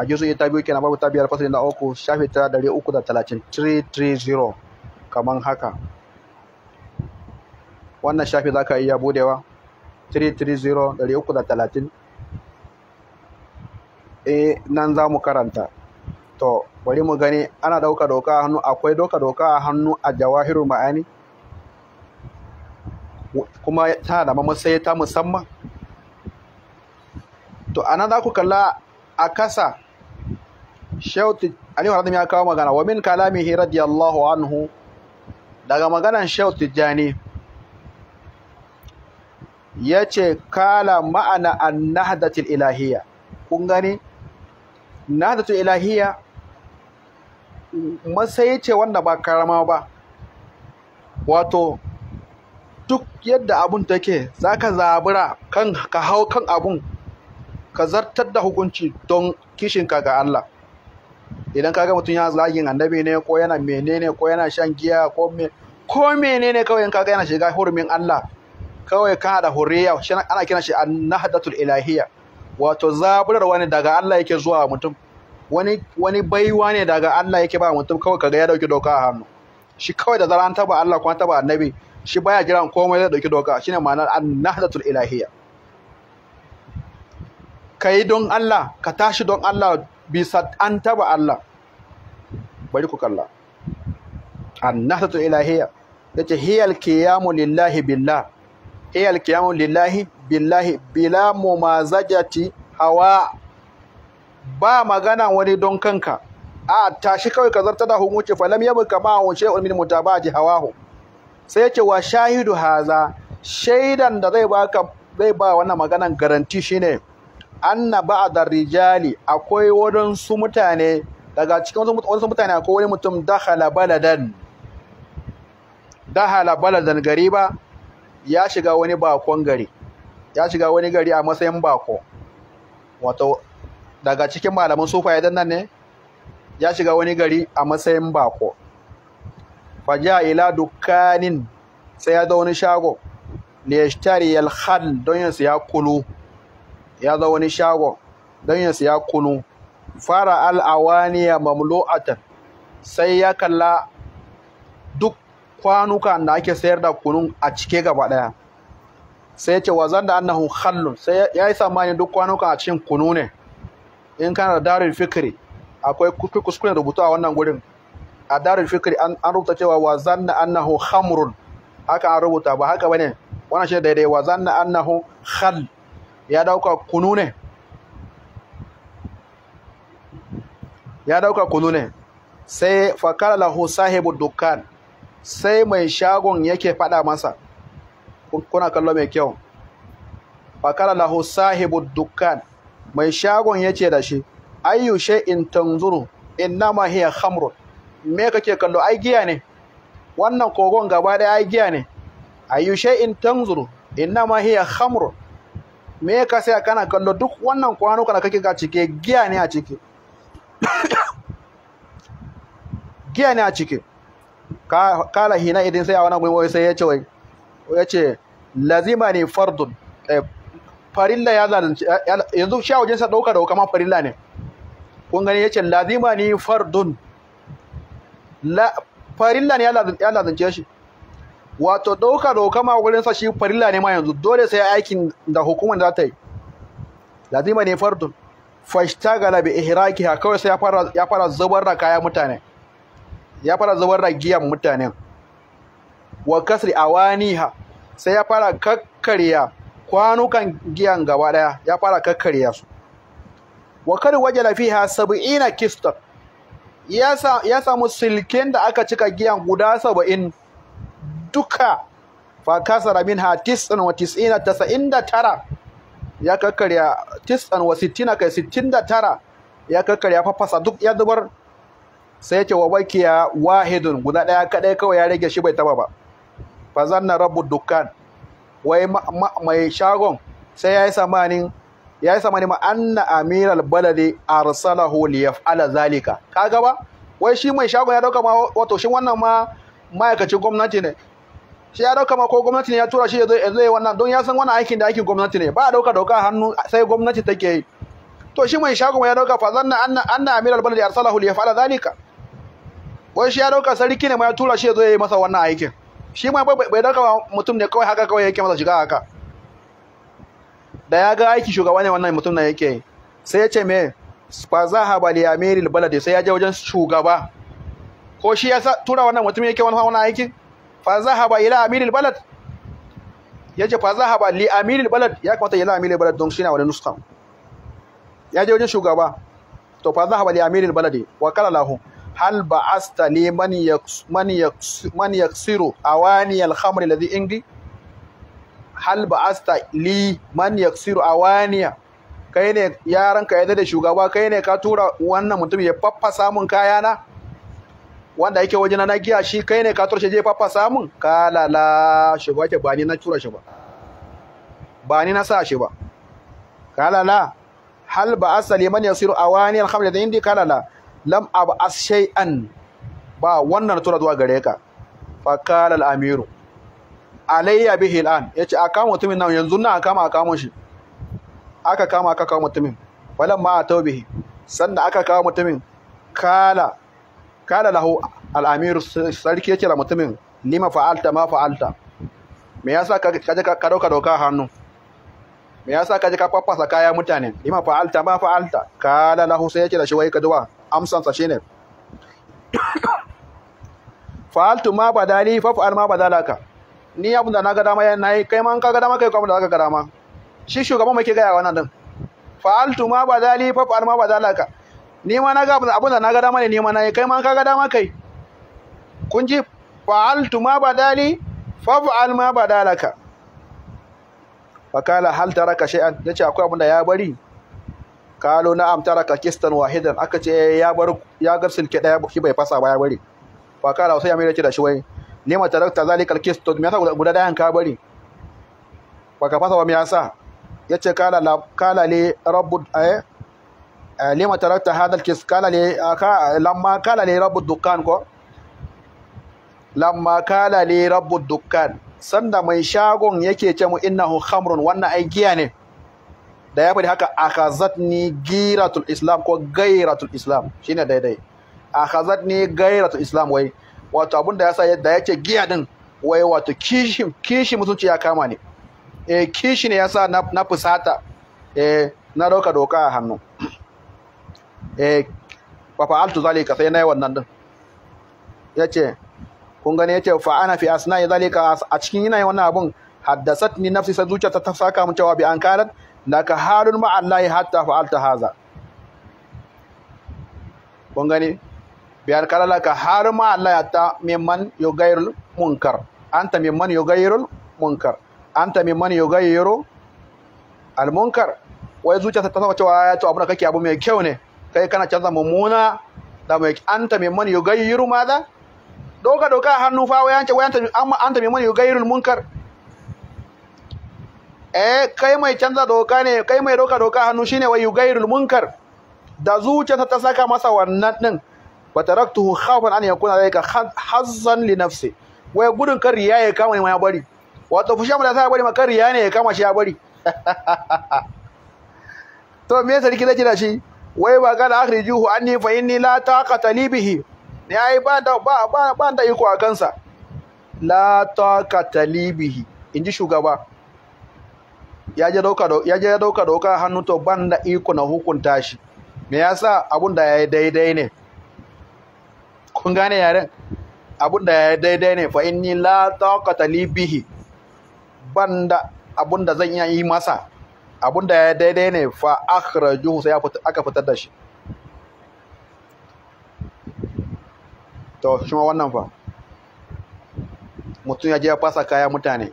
a juzu'i ta biyu kenan babu ta biyar fasali na uku shafi ta dari uku da talatin 330 kamar haka wannan shafi za ka iya budewa 330 dari uku da talatin e nan za mu karanta to bari mu gani ana ɗauka doka a hannu akwai doka doka a hannu a jawahiru ma'ani kuma ta da mamasai ta musamman to ana za ku kalla a kasa shautu aliyu haradun ya kawo magana wa min kalamihi radiyallahu anhu daga maganan shautu jani ya ce kala ma'ana an nahdatul ilahiyya kun gani nahdatul ilahiyya matsayi ce wanda ba karama ba wato duk yadda abun take za ka zabura kan ka hau kan abun ka zartar da hukunci don kishinka ga Allah idan kaga mutum yana zagin annabi ne ko yana menene ko yana shan giya ko me ko menene kawai in kaga yana shiga hurumin Allah kawai kana da shi ana kiran shi annahdatul ilahiyya wato zabular wani daga Allah yake zuwa mutum wani wani baiwa ne daga Allah yake ba mutum kawai kaga ya dauki doka a hannu shi kawai da zaran taba Allah ko taba annabi shi baya jiran komai zai dauki doka shine ma'anar annahdatul ilahiyya kai don Allah ka tashi don Allah bisa an taba Allah bari ku kalla annasatu ilahiyya yace hiyal qiyamu lillahi billah hiyal qiyamu lillahi billahi bila mumazajati hawa ba magana wani don kanka a tashi kawai ka zartar da hukunci fa lam yabu kama hu shay'un min mutaba'ati hawahu sai yace wa shahidu haza shaidan da zai baka zai ba wannan maganan garanti shine anna ba'da rijali akwai wurin su mutane daga cikin wasu mutane akwai wani mutum dakhala baladan dahala baladan gari ba ya shiga wani bakon gari ya shiga wani gari a matsayin bako wato daga cikin malaman sufa dan nan ne ya shiga wani gari a matsayin bako faja ila dukkanin sai ya da wani shago ne ya yalhal don yin siya kulu ya zo wani shagon don ya siya kunu fara al'awaniya mamlu'atan sai ya kalla duk kwanuka da ake sayar da kunun a cike gaba daya sai ya ce zan da annahu khallun sai ya yi tsammanin duk kwanuka a cikin kunu ne in kana da darin fikiri akwai kuskure rubutu a wannan gurin a darin fikiri an rubuta cewa wa zan da annahu khamrun haka an rubuta ba haka bane wannan shi daidai wa zan da annahu khall ya dauka kunu ne ya dauka kunu ne sai fakar lahu sahibu dukkan sai mai shagon yake fada masa kuna kallo mai kyau fakar lahu sahibu dukkan mai shagon yake da shi ayyu shay'in tanzuru ma hiya khamr me kake kallo ai giya ne wannan kogon gaba daya ai giya ne ayyu shay'in tanzuru ma hiya khamr me ka saya kana kallo duk wannan kwanuka da kake ga cike giya ne a cike? giya ne a cike? kala hina idin sai a wani gwiwa sai ya ce wai ya ce lazima ne fardun eh, farilla ya zalunci yanzu sha wajen sa dauka da kuma farilla ne kun gani ya ce lazima ne fardun farilla ne ya lazunce shi wato ɗauka da hukama wurin sa shi farilla ne ma yanzu dole sai aikin da hukumar za ta yi lazima ne fardun fashtagala bi ha kawai sai ya fara zubar da kaya mutane ya fara zubar da giyan mutane wa kasri awaniha sai ya fara kakkarya kwanukan giyan gaba daya ya fara kakkarya su wa kar wajala fiha ina kistar. ya samu silken da aka cika giyan guda saba'in duka fa kasara minha tis'an wa tis'ina tasa'in da tara ya kakkarya tis'an wa sittina kai sittin da tara ya kakkarya fafasa duk ya zubar sai ce wa bakiya wahidun guda ɗaya kaɗai kawai ya rage shi bai taba ba fa zanna rabu dukkan wai mai shagon sai ya yi samanin ya yi samani ma'anna a balade arsalahu ala zalika kaga ba wai shi mai shagon ya dauka ma wato shi wannan ma ma'aikacin gwamnati ne Sai ya dauka ma ko gwamnati ne ya tura shi ya zo ya wannan don ya san wani aikin da aikin gwamnati ne ba a dauka dauka hannu sai gwamnati take yi to shi mai shago ya dauka fa zanna anna anna amir al balad arsalahu li yaf'ala zalika wai shi ya dauka sarki ne ma ya tura shi ya zo ya yi masa wannan aikin shi ma bai dauka mutum ne kawai haka kawai yake masa shiga haka da ya ga aiki shugaba ne wannan mutum na yake yi sai ya ce me fa zahaba li amir al balad sai ya je wajen shugaba ko shi ya tura wannan mutum yake wannan aikin fa zahaba ila amiril balad yace fa zahaba li amiril balad ya kamata ila amiril balad don shi na wani nuskan ya je wajen shugaba to fa zahaba li amiril baladi wa qala lahu hal ba'asta li man yaks man yaks man yaksiru awani al khamr alladhi indi hal ba'asta li man yaksiru awaniya kai ne yaranka ya da shugaba kai ne ka tura wannan mutum ya faffa samun kayana wanda yake wajena na giya shi kai ne ka turshe je faffasa samun? kalala shi ba ke ba ni na tura shi ba ba ni na sa shi ba kalala hal ba asali man yasiru awani alhamdu da indi kalala lam abu as shay'an ba wannan tura zuwa gare ka fa kala al-amiru alayya bihi al-an yace a kama mutumin nan yanzu na kama a kama shi aka kama aka kama mutumin falamma atau bihi sannan aka kama mutumin kala kana lahu al’amir sarki yake da mutumin Nima fa'alta ma fa'alta me yasa ka je ka ɗauka doka hannu me yasa ka je ka kwakwasa kaya mutane Nima fa'alta ma fa'alta kana lahu sai yake da shi wai kaduwa amsan sa shine fa'altu ma badali fa fa'al ma badalaka ni abin da na ga dama yana yi kai man ka ga dama kai kuma da ka ga dama shi shugaban mai ke gaya wannan din fa'altu ma badali fa fa'al ma badalaka ni ma na ga abin da na ga dama ne ni ma na yi kai ma ka ga dama kai kun ji fa'altu ma badali fa'al ma badalaka fakala hal taraka shay'an yace akwai abin da ya bari kalo na am taraka kistan wahidan aka ce eh, ya bar ya gar silke daya shi bai fasa ba ya bari fakala sai ya mai ce da shi wai Nima tarakta zalikal kistan me yasa guda dayan ka bari baka fasa ba me yasa yace kala kala li rabbu ay eh, Eh, lima tarakta hada kala ne eh, lamma kala ne rabu dukkan ko lamma kala ne rabu dukkan sanda mai shagon yake ce mu innahu khamrun wannan ai giya ne da ya bari haka akhazatni giratul islam ko gairatul islam shine daidai akhazatni gairatul islam wai wato abun da yasa da yake giya din wai wato kishi kishi mutunci ya kama ne E eh, kishi ne yasa na fusata eh na ɗauka doka a hannu eh fa fa'altu zalika sai nayi wannan din yace kun gane yace fa ana fi asna'i zalika a cikin yin wannan abun ni nafsi sa zuciya ta saka mun cewa bi an kanat laka halun ma Allah hatta fa'alta haza kun gane bi an kana ka halun ma Allah hatta mimman yugayrul munkar anta mimman yugayrul munkar anta mimman yugayyiru al munkar wai zuciya ta saka cewa ya to abu na kake abu mai kyau ne kai kana canza mummuna da mai anta mai mani man yugayyiru maza doka doka hannu fa wayanta wayanta amma anta mai mani man yugayyiru munkar eh kai mai canza doka ne kai mai doka doka hannu shine wa yugayyiru munkar da zuciyarsa ta saka masa wannan din wa taraktuhu khawfan an yakuna zalika hazzan li nafsi wai gudun kar riya ya kama ne ma ya bari wato fushin mu da sa bari ma riya ne ya kama shi ya bari to me sarki zai da shi wai ba gana akhrijuhu anni fa inni la taqata li bihi ne ai ba da ba ba ba da iko a kansa la taqata li bihi inji shugaba ya je dauka ya je dauka dauka hannu to ban da iko na hukunta shi me yasa abun da yayi daidai ne kun gane yaren abun da yayi daidai ne fa inni la taqata li bihi ban da abun da zan iya yi masa abinda ya daidai ne fa juhu sai aka fitar da shi to shi ma wannan fa mutum ya je ya fasa kaya mutane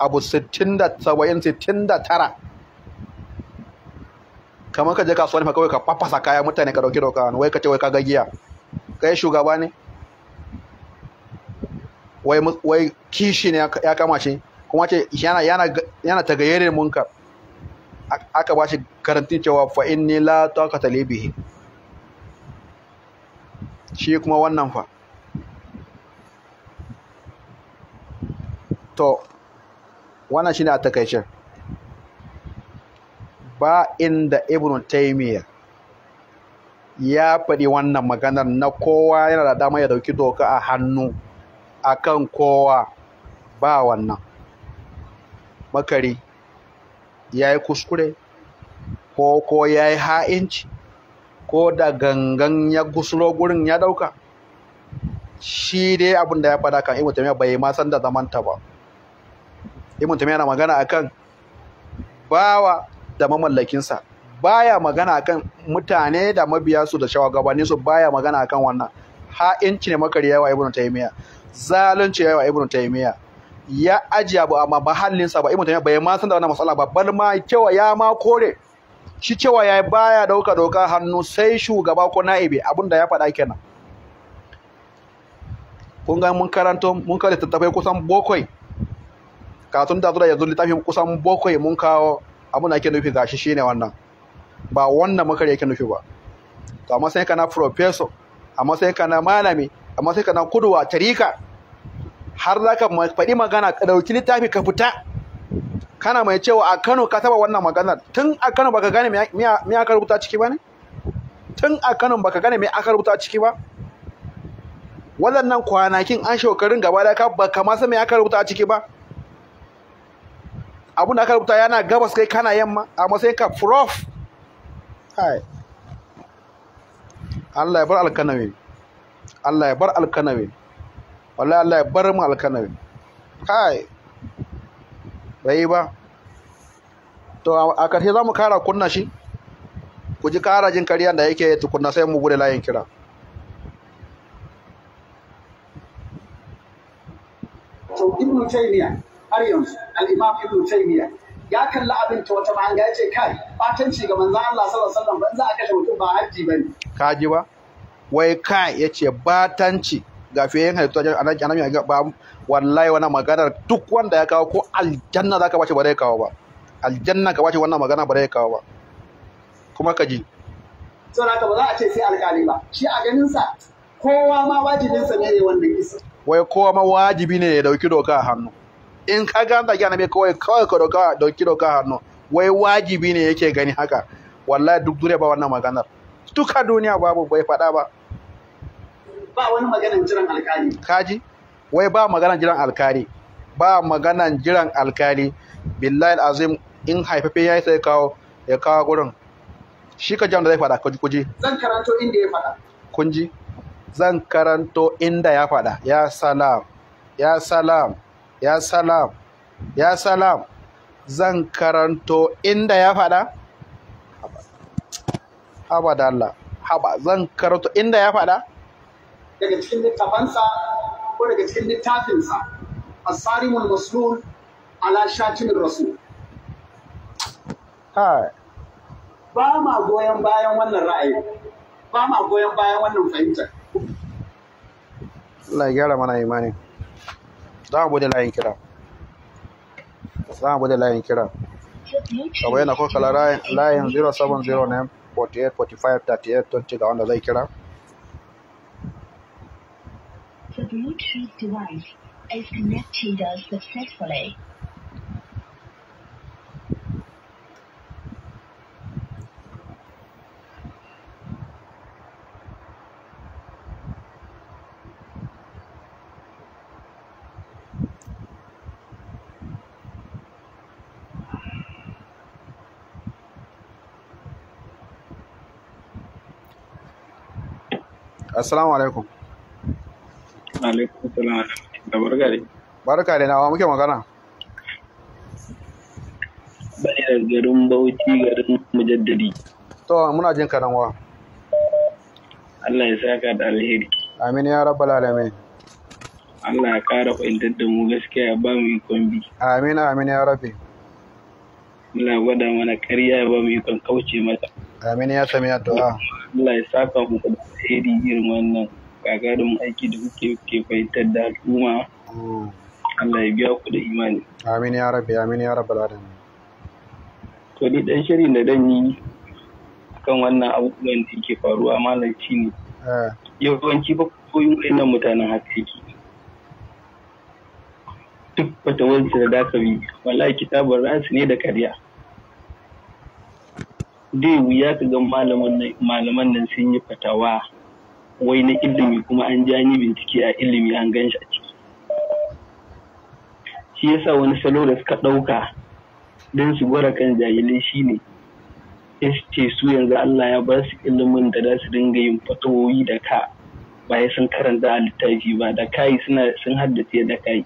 abu 69 kamar ka je kasuwa ne kawai ka fafasa kaya mutane ka dauki dauka wai ka ce wai ka ga giya kai shugaba ne wai kishi ne ya kama shi kuma ce yana tagayyarin munkar aka ba shi karantin cewa fa inni la taqata li bihi shi kuma wannan fa to wannan shine a takaice ba inda ibnu taymiya ya faɗi wannan maganar na kowa yana da dama ya dauki doka a hannu akan kowa ba wannan makari ya yi kuskure ko ko ya yi ha'inci ko da gangan ya gusulo gurin ya dauka shi dai abin da ya faɗa kan ibn tamiya bai ma san da zamanta ba ibn tamiya na magana akan bawa da mamallakinsa baya magana akan mutane da mabiya su da gabanin su baya magana akan wannan ha'inci ne makari wa ibn taymiya zalunci wa ibn taymiya ya aji abu a sa ba ibn taymiya bai ma san da wannan matsala ba bar ma cewa ya ma kore shi cewa ya baya dauka doka hannu sai shugaba ko na'ibi abinda ya faɗa kenan kun ga mun karanto mun kawo littattafai kusan bokwai, katun da zuwa yanzu littafin kusan bokwai mun kawo abin da ake nufi gashi shine wannan ba wannan muka yake nufi ba to amma sai kana professor amma sai kana malami amma sai kana kuduwa tarika har za ka faɗi magana ka ɗauki littafi ka fita kana mai cewa a Kano ka taba wannan maganar tun a Kano baka gane me aka rubuta ciki ba ne tun a Kano baka gane me aka rubuta ciki ba waɗannan kwanakin an shekarun gaba da ka baka ma san me aka rubuta a ciki ba abin da aka rubuta yana gabas kai kana yamma a matsayin ka prof kai Allah ya bar alkanawi Allah ya bar alkanawi wallahi Allah ya bar mu alkanawi kai bai ba to a ƙarshe za mu kara kunna shi ku ji kara jin karyan da yake tukunna sai mu bude layin kira to ibn taymiya har yanzu al-imam ibn taymiya ya kalla abin ta wata mahanga ya ce kai batanci ga manzon Allah sallallahu alaihi wasallam ban za a kashe mutum ba haji bane kaji ba wai kai yace batanci ga fiye halittu nan ya ga ba wallahi wannan maganar duk wanda ya kawo ko aljanna za ka bace ba zai kawo ba aljanna ka bace wannan magana ba zai kawo ba kuma ka ji saboda haka ba za a ce sai alkali ba shi a ganin sa kowa ma wajibinsa ne wannan kisa wai kowa ma wajibi ne ya dauki doka a hannu in ka ga da kawai kawai ka doka dauki doka a hannu wai wajibi ne yake gani haka wallahi duk duniya ba wannan maganar duka duniya babu bai faɗa ba ba wani maganan jiran alkali kaji wai ba maganan jiran alkali ba maganan jiran alkali billahi azim in haifafe ya yi sai kawo ya kawo gurin shi ka jam da zai faɗa kuji zan karanto inda ya faɗa kunji zan karanto inda ya faɗa ya salam ya salam ya salam ya salam zan karanto inda ya faɗa haba da Allah haba zan karanto inda ya faɗa daga cikin littafansa ko daga cikin littafinsa a asarimul maslul ala shatimin rasu. ba ma goyon bayan wannan ra'ayi ba ma goyon bayan wannan fahimtar Allah ya gyara mana imani za a bude layin kira za a bude layin kira kawai yana kokala layin 070 48 45 38 20 ga wanda zai kira The Bluetooth device is connected successfully. Assalamu alaikum. Alaikum salam da barka nawa muke magana. Bayar garin Bauchi garin Mujaddadi. To muna jin ka nan wa. Allah ya saka da alheri. Amin ya rabbal alamin. Allah ya kara fahimtar da mu gaskiya ba mu yi kwambi. Amin amin ya rabbi. Allah gwada mana karya ba mu yi kauce mata. Amin ya sami addu'a. Allah ya saka mu da alheri irin wannan. gagarumin aiki da kuke ke fahimtar da al'umma hmm. Allah ya biya ku da imani amin ya rabbi amin ya rabbi alamin to ni dan shirin da dan yi kan wannan abubuwan da yake faruwa malarci ne eh. yawanci ba koyin wannan mutanen haka yake duk wata wancan da daka bi wallahi kitabar rasu ne da karya dai wuya ka ga malaman nan sun yi fatawa wai na ilimi kuma an ji an yi bincike a ilimi an gan shi a ciki shi yasa wani salo da suka ɗauka don su gwara kan jahilai shine ya ce su yanzu Allah ya ba su ilimin da za su dinga yin fatowoyi da ka baya sun karanta a littafi ba da kayi suna sun haddace da kayi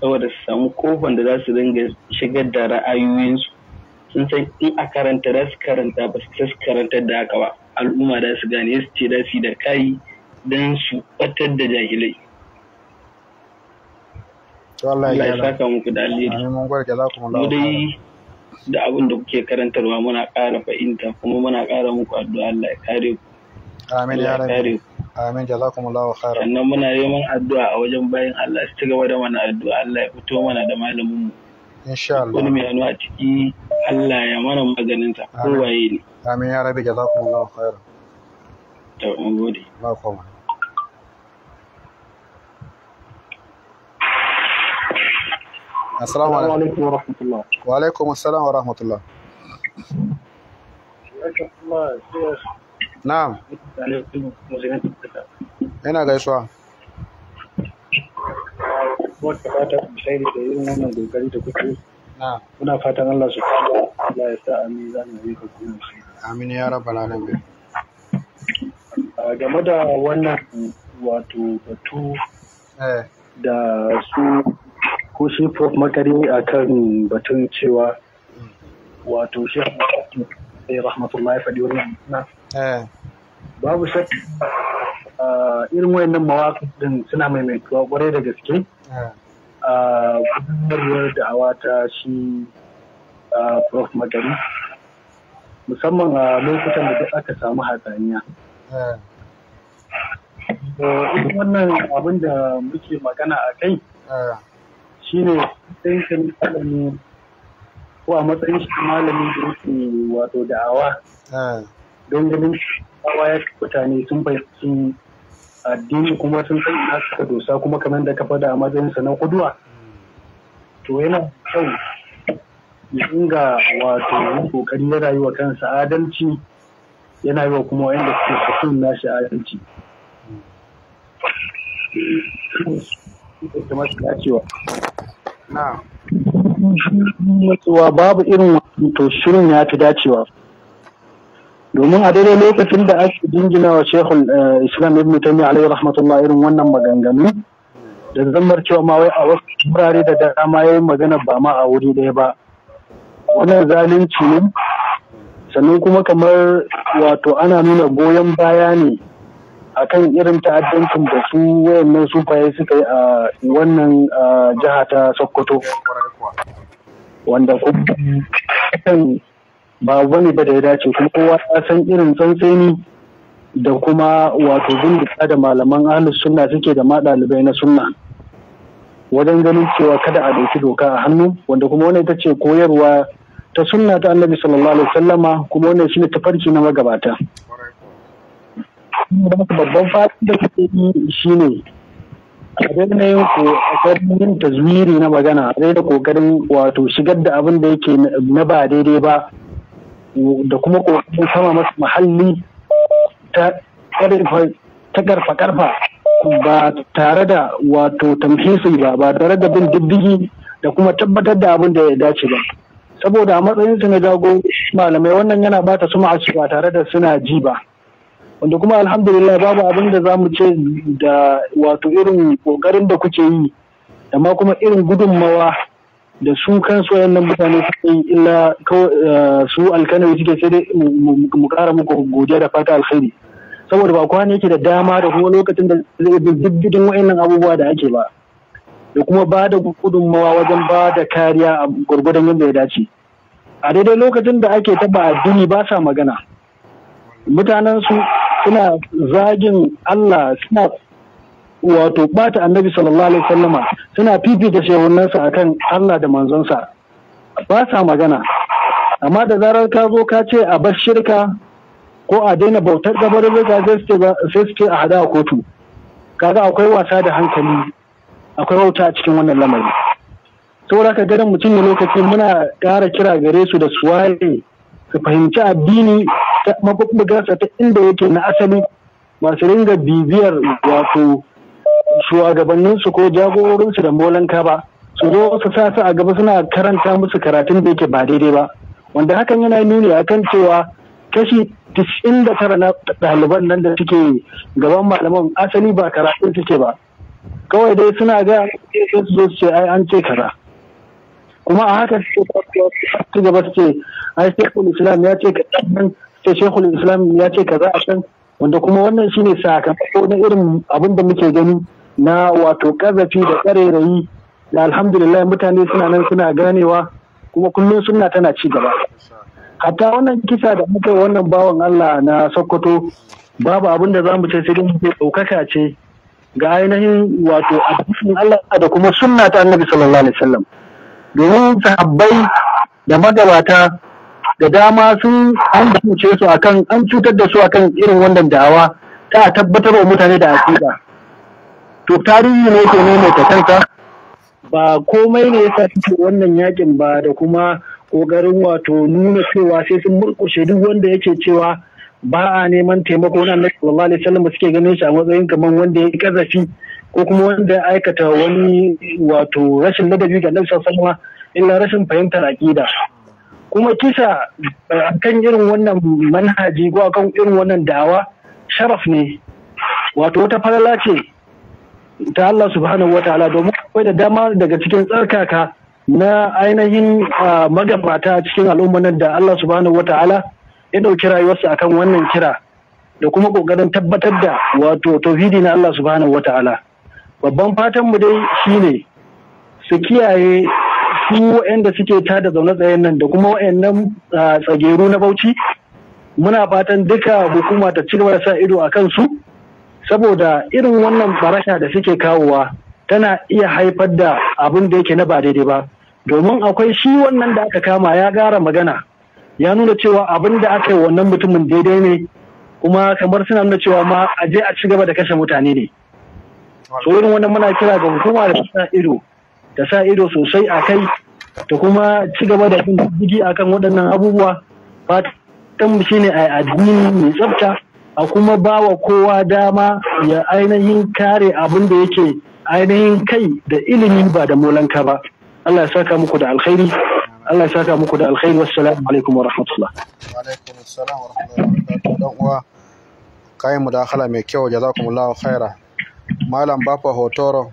saboda su samu kofan da za su dinga shigar da ra'ayoyinsu sun san in a karanta za su karanta ba su karanta da haka ba al'umma da su gane su ce da su da kai don su batar da jahilai Allah ya saka muku da alheri mu dai da abin da kuke karantarwa muna ƙara fahimta kuma muna ƙara muku addu'a Allah ya kare ku amin ya rabbi amin jazakumullahu khairan sannan muna neman addu'a a wajen bayan Allah su ci gaba da mana addu'a Allah ya fito mana da malamin mu insha Allah wani mai hannu a ciki Allah ya mana maganin sa kowaye ne amin ya rabi jazakumullahu khairan to mun gode ba kuma Assalamu alaikum wa rahmatullah. Wa alaikum assalam wa rahmatullah. Na'am. Ina gaisuwa. kuma ka fata alkhairi da irin wannan dogari da kuke muna fatan Allah su kama Allah ya sa amin za mu yi ka kuma shi amin ya rabbal alamin game da wannan wato batu eh. da su ko shi prof makari a kan batun cewa wato shi sai rahmatullahi faɗi wannan na eh. babu shakka irin wayannan mawaƙin suna maimaituwa ƙwarai da gaske a ah. gudanarwar ah, da'awa ta shi ah, prof magari musamman a lokutan da aka samu hatsaniya eh, wannan abin da muke magana a kai shine sai ka malami ko a matsayin shi malami da yake wato da'awa don ganin da'awa ya mutane sun fahimci addini kuma sun san ina suka dosa kuma kamar da ka faɗa a matsayin sa na kuduwa to yana kyau ya dinga wato kokari ya rayuwa kansa adalci yana yi wa kuma wanda suke sun nashi adalci na babu irin to shirin ya fi dacewa domin a daidai lokacin da ake jingina wa shekul eh, islam ibn taimi alaihi rahmatullah irin wannan maganganu da zammar cewa ma wai a wasu wurare da dama ya yi magana ba ma a wuri ɗaya ba wannan zalunci ne sannan kuma kamar wato ana nuna goyon baya ne akan irin ta'addancin da su wayannan sufaye suka yi a wannan eh, jiha ta sokoto wanda kuma ba wani ba da ya dace kuma kowa ya san irin tsantseni da kuma wato bindiga da malaman ahlus sunna suke da ma ɗalibai na sunna wajen ganin cewa kada a ɗauki doka a hannu wanda kuma wani ita ce koyarwa ta sunna ta annabi sallallahu alaihi wasallama kuma wannan shine tafarki na magabata babban fatan da kuke yi shine a daina yin kokarin yin tazwiri na magana a da kokarin wato shigar da abin da yake na ba daidai ba da kuma ƙoƙarin sama masu muhalli ta karfa karfa ba tare da wato tamhisi ba ba tare da bin diddigi da kuma tabbatar da abin da ya dace ba saboda a matsayin su na jago malamai wannan yana bata su ma'aci ba tare da suna ji ba wanda kuma alhamdulillah babu abin da za mu ce da wato irin ƙoƙarin da kuke yi da kuma irin gudunmawa da su kansu wayannan mutane suke yi illa eh, su alkanawi suke sai dai mu kara muku godiya da fata alkhairi saboda ba kwana yake da dama da kuma lokacin da zai bi diddigin wayannan abubuwa da ake ba da kuma ba da gudunmawa wajen ba da kariya a gwargwadon yadda ya dace a daidai lokacin da ake taba addini ba sa magana mutanen su suna zagin Allah suna wato bata annabi sallallahu alaihi wasallama suna fifita shehunansa akan Allah da manzonsa ba sa magana amma da zarar ka zo ka ce a bar shirka ko a daina bautar gabar zai sai su ce a hada a kotu kaga akwai wasa da hankali akwai wauta a cikin wannan lamari saboda ka ganin mutum ne lokacin muna ƙara kira gare su da su su fahimci addini ta mabubugarsa ta inda yake na asali masu ringa bibiyar wato shugabanninsu ko jagororinsu da molan ba su zo su sa su a gaba suna karanta musu karatun da yake ba daidai ba wanda hakan yana nuni akan cewa kashi tis'in da tara na ɗaliban nan da suke gaban malaman asali ba karatun suke ba kawai dai suna ga su zo su ce ai an ce kaza kuma a haka su gaba su ce ai shekul islam ya ce kaza sai shekul islam ya ce kaza a can wanda kuma wannan shine sakamako na irin abin da muke gani na wato ƙazafi da ƙarairayi da alhamdulillah mutane suna nan suna ganewa kuma kullum suna tana ci gaba hatta wannan kisa da muka yi wannan bawan Allah na Sokoto babu abin da zamu ce sai dai ɗaukaka ce ga ainihin wato addinin Allah da kuma sunna ta Annabi sallallahu alaihi wasallam domin sahabbai da magabata da dama sun an su akan an cutar da su akan irin wannan da'awa ta tabbatar wa mutane da aqida to tarihi ne ke ta kanka ba komai ne yasa suke wannan yakin ba da kuma kokarin wato nuna cewa sai sun murkushe duk wanda yake cewa ba a neman taimako na annabi sallallahu alaihi wasallam suke ganin shi a matsayin kamar wanda ya kazafi ko kuma wanda ya aikata wani wato rashin ladabi ga annabi sallallahu alaihi illa rashin fahimtar aqida kuma kisa eh, akan irin wannan manhaji ko akan irin wannan dawa sharaf ne wato wata falala ce ta Allah subhanahu wa ta'ala domin akwai da dama daga cikin tsarkaka na ainihin magabata cikin al'umman da Allah subhanahu wa ta'ala ya ɗauki rayuwarsa akan wannan kira da kuma ƙoƙarin tabbatar da wato tauhidi na Allah subhanahu wa ta'ala babban fatan mu dai shine su kiyaye su waɗanda suke ta da zaune tsayen nan da kuma waɗannan tsageru na bauchi muna fatan duka hukuma ta ci da sa ido a kansu saboda irin wannan barasha da suke kawowa tana iya haifar da abin da yake na ba daidai ba domin akwai shi wannan da aka kama ya gara magana ya nuna cewa abin da aka yi wannan mutumin daidai ne kuma kamar suna nuna cewa ma a je a ci gaba da kashe mutane ne so irin wannan muna kira ga hukuma da sa ido da sa ido sosai a kai da kuma ci gaba da bin diddigi akan waɗannan abubuwa fatan mu shine a addini mai tsafta a kuma ba wa kowa dama ya ainihin kare abin da yake ainihin kai da ilimi ba da molanka ba Allah ya saka muku da alkhairi Allah ya saka muku da alkhairi wassalamu alaikum wa rahmatullah wa alaikum assalam wa rahmatullahi wa uwa kayan mudakala mai kyau jazakumullahu khaira malam bafa hotoro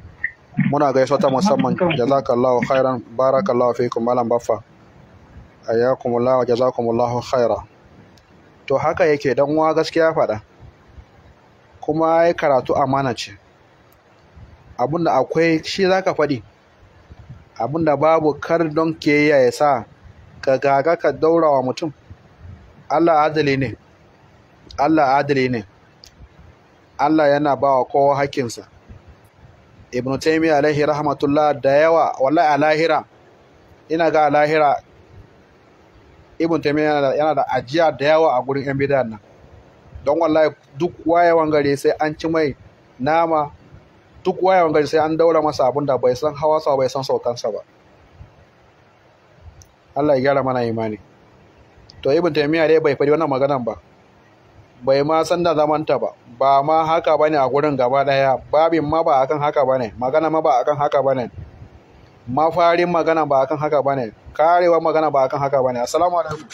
muna gaisuwa ta musamman jazakallahu khairan barakallahu fikum malam bafa ayyakumullahu jazakumullahu khaira to haka yake dan wa gaskiya faɗa kuma ya karatu amana ce abinda akwai shi za ka faɗi abinda babu kar don ke ya sa ka gaga ka daura wa mutum allah adali ne allah adali ne allah yana ba wa kowa hakkinsa ibn taymiyyah alaihi rahmatullah da yawa wallahi alahira ina ga alahira ibn taimiyya yana da ajiya da yawa a gurin yan bidan nan don wallahi duk wayewan gari sai an ci mai nama duk wayewan gari sai an daura masa abin da bai san hawa sa bai san saukansa ba Allah ya gyara mana imani to ibn taimiyya dai bai fari wannan maganan ba bai ma san da zamanta ba ba ma haka ba ne a gurin gaba daya babin ma ba akan haka ba ne. magana ma ba akan haka ba ne. mafarin magana ba akan haka ba ne. karewa magana ba akan haka bane assalamu alaikum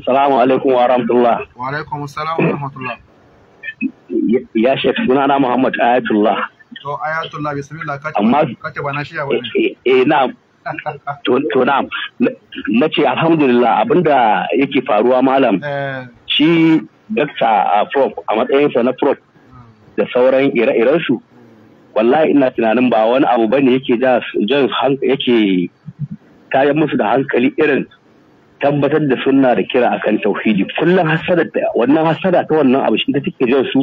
assalamu alaikum wa rahmatullah wa alaikum assalam wa rahmatullah ya shek suna na muhammad ayatullah to ayatullah bismillah kace amma kace ba na shiya bane eh, eh, eh na'am to na na ce alhamdulillah abinda yake faruwa malam eh. shi dr a ah, prof a matsayinsa na prof da sauran ire-irensu wallahi ina tunanin ba wani abu bane yake jan yake yi musu da hankali irin tabbatar da sunna da kira akan tauhidi kullum hasada ta wannan hasada ta wannan abu shi ta take jan su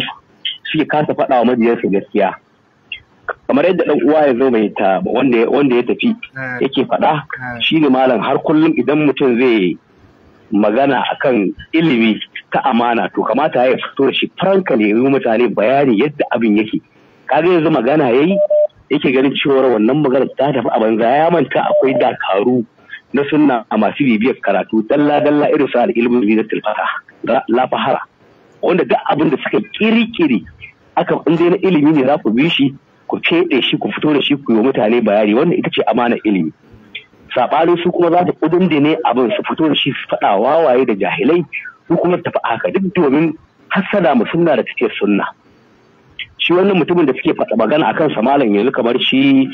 suke kasa faɗa wa majiyansu gaskiya kamar yadda dan uwa ya zo mai ta wanda wanda ya tafi eh. yake faɗa eh. shine malam har kullum idan mutum zai magana akan ilimi ta amana to kamata ya fito da shi frankly ya yi mutane bayani yadda abin yake kaga yanzu magana yayi yake ganin cewar wannan magana ta tafi a banza ya manta akwai dakaru na sunna a masu bibiyar karatu dalla dalla irin su al'ilmin bi tilfata lafahara, wanda duk abin da suka kirikiri aka in dai na ilimi ne za ku bi shi ku ceɗe, shi ku fito da shi ku yi mutane bayani wannan ita ce amana ilimi sabanin su kuma za su kudin da ne abin su fito da shi su faɗa wawaye da jahilai su kuma tafi haka duk domin hassada mu sunna da take sunna shi wannan mutumin da suke faɗa magana akan sa malam yanzu kamar shi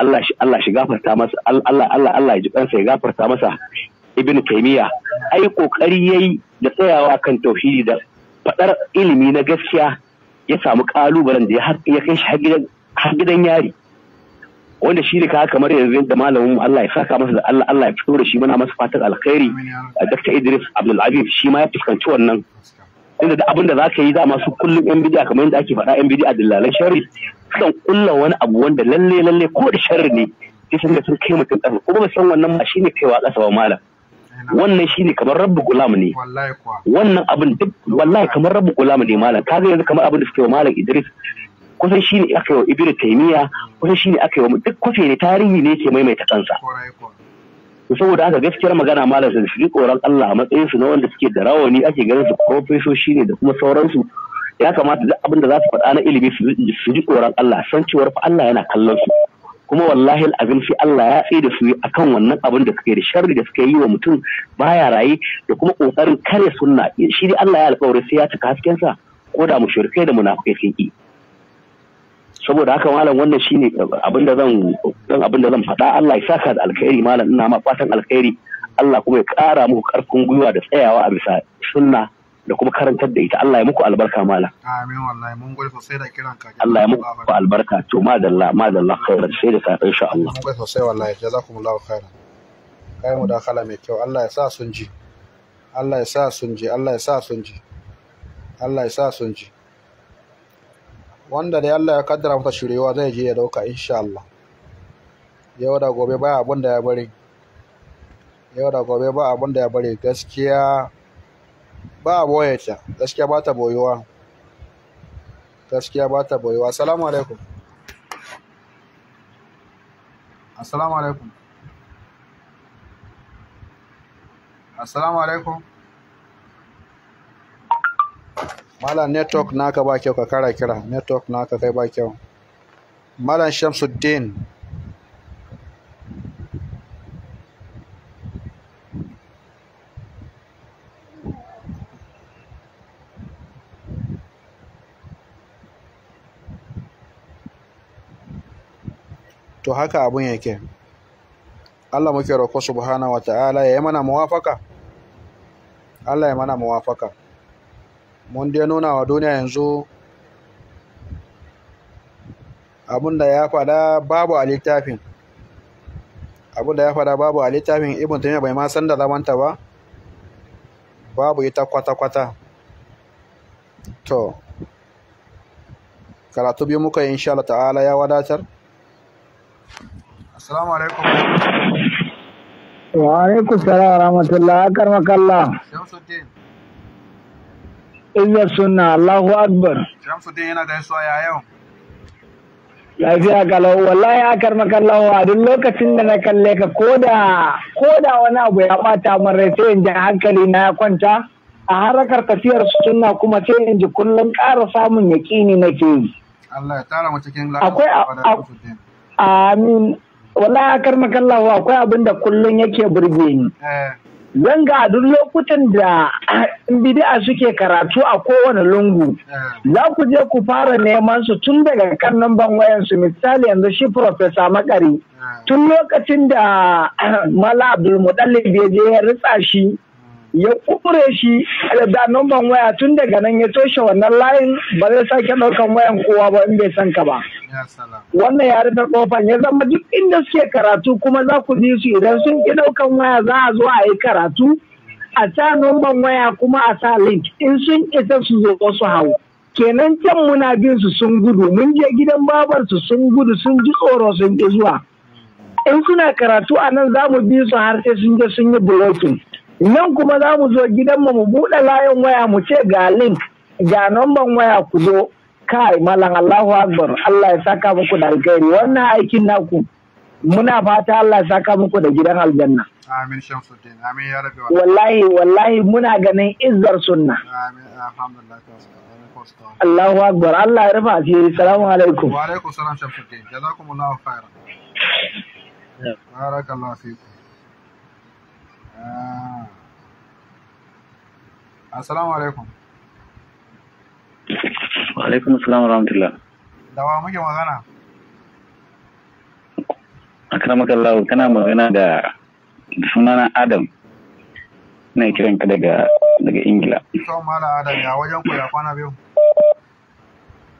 Allah Allah shi gafarta masa Allah ya ji kansa ya gafarta masa Ibn Taymiya ai kokari yayi da tsayawa kan tauhidi da faɗar ilimi na gaskiya ya samu kalubalen da ya kai shi har gidan yari wanda shi ne kaga kamar yanzu da malamin Allah ya saka masa da Allah Allah ya fito da shi muna masa fatan alkhairi Dr. Idris Abdul Aziz shi ma ya fuskanci wannan inda duk abin da za ka yi dama su kullum yan bidiya kamar yadda ake faɗa yan bidiya dillalan sharri sukan kulla wani abu wanda lalle lalle ko da sharri ne sai sun ga sun kai mutum ƙasa kuma ba san wannan ma shine kaiwa ƙasa ba malam wannan shine kamar rabbu gulam ne wannan abin duk wallahi kamar rabbu gulam ne malam kaga yanzu kamar abin da suke wa malam Idris kusan shine aka yi wa Ibn Taymiya kusan shine aka yi wa duk kufe ne tarihi ne ke maimaita kansa saboda haka gaskiyar magana malam su shi koran Allah a matsayin su na wanda suke da rawani ake ganin su profesoshi ne da kuma sauransu ya kamata duk abin da za su faɗa na ilimi su ji koran Allah san cewar fa Allah yana kallon su kuma wallahi al'azim sai Allah ya tsaye da su akan wannan abin da suke da sharri da suke yi wa mutum baya raye da kuma kokarin kare sunna shi dai Allah ya alƙawari sai ya cika hasken sa ko da mushrikai da munafikai sun yi saboda haka malam wannan shine abin da zan dan abin da zan faɗa Allah ya saka da alkhairi malam ina ma fatan alkhairi Allah kuma ya ƙara muku ƙarfin gwiwa da tsayawa a bisa sunna da kuma karantar da ita Allah ya muku albarka malam amin wallahi mun gode sosai da kiran ka Allah ya muku albarka to madalla madalla khairan sai da sai insha Allah mun gode sosai wallahi jazakumullahu khairan kai mu da kala mai kyau Allah ya sa sun ji Allah ya sa sun ji Allah ya sa sun ji Allah ya sa sun ji wanda da Allah ya kaddara mata shirewa zai je ya dauka insha Allah yau da gobe ba abin da ya bari yau da gobe ba abin da ya bari gaskiya ba boye ta gaskiya ba ta boyuwa gaskiya ba ta boyuwa assalamu alaikum assalamu alaikum assalamu alaikum malam network naka ba kyau ka kara kira network naka kai ba kyau malam shamsuddin to haka abun yake Allah muke roƙo subhanahu wa ta'ala ya yi mana muwafaka Allah ya mana muwafaka mun dai nuna wa duniya yanzu Abun da ya fada babu a littafin abin da ya fada babu a littafin ibn taymiya bai ma san da zamanta ba babu ita kwata-kwata to karatu biyu muka yi insha Allah ta'ala ya wadatar assalamu alaikum wa alaikum salam wa rahmatullah akar makalla shamsuddin Iyar suna Allahu Akbar. Lafiya yana da ya yau. Lafiya kalau wallahi akar a duk lokacin da na kalle ka koda koda wani abu ya bata min rai sai in ji hankali na ya kwanta a harakar tafiyar suna kuma sai in ji kullum ƙara samun yaƙini nake yi. Allah ya tara mu cikin lafiya. Amin. Wallahi akar makallawa akwai abin da kullum yake burge ni. Eh. zanga a duk lokutan da bidi'a suke karatu a kowane lungu za ku je ku fara neman su tun daga kan namban wayansu misali yanzu shi profesa makari tun lokacin da mala mu ya je ya ritsa shi ya kure shi da numban waya tun daga nan ya toshe wannan layin ba zai sake ɗaukan wayan kowa ba in bai san ka ba wannan ya rufe kofan ya zama duk inda suke karatu kuma za ku ji su idan sun ki ɗaukan waya za a zo a yi karatu a sa numban waya kuma a sa link in sun isa su zo su hau kenan can muna bin su sun gudu mun je gidan babar su sun gudu sun ji tsoro sun ki zuwa in suna karatu a nan za mu bi su har sai sun je sun yi blocking nan kuma za mu zo gidanmu mu buɗe layin waya mu ce ga link ga namban waya ku zo kai malam Allahu Akbar Allah ya saka muku da alkhairi wannan aikin naku muna fata Allah ya saka muku da gidan aljanna amin shamsuddin amin ya rabbi wallahi wallahi muna ganin izzar sunna amin alhamdulillah Allahu Akbar Allah ya rufa asiri salamu alaikum wa alaikum salam shamsuddin jazakumullahu khairan barakallahu fikum Ah. Assalamu alaikum. Wa alaikum assalam wa rahmatullah. Dawa muke magana. Akramaka Allah kana magana da sunana Adam. Ina kiran ka daga daga Ingila. To mala Adam ya wajen ku ya kwana biyu.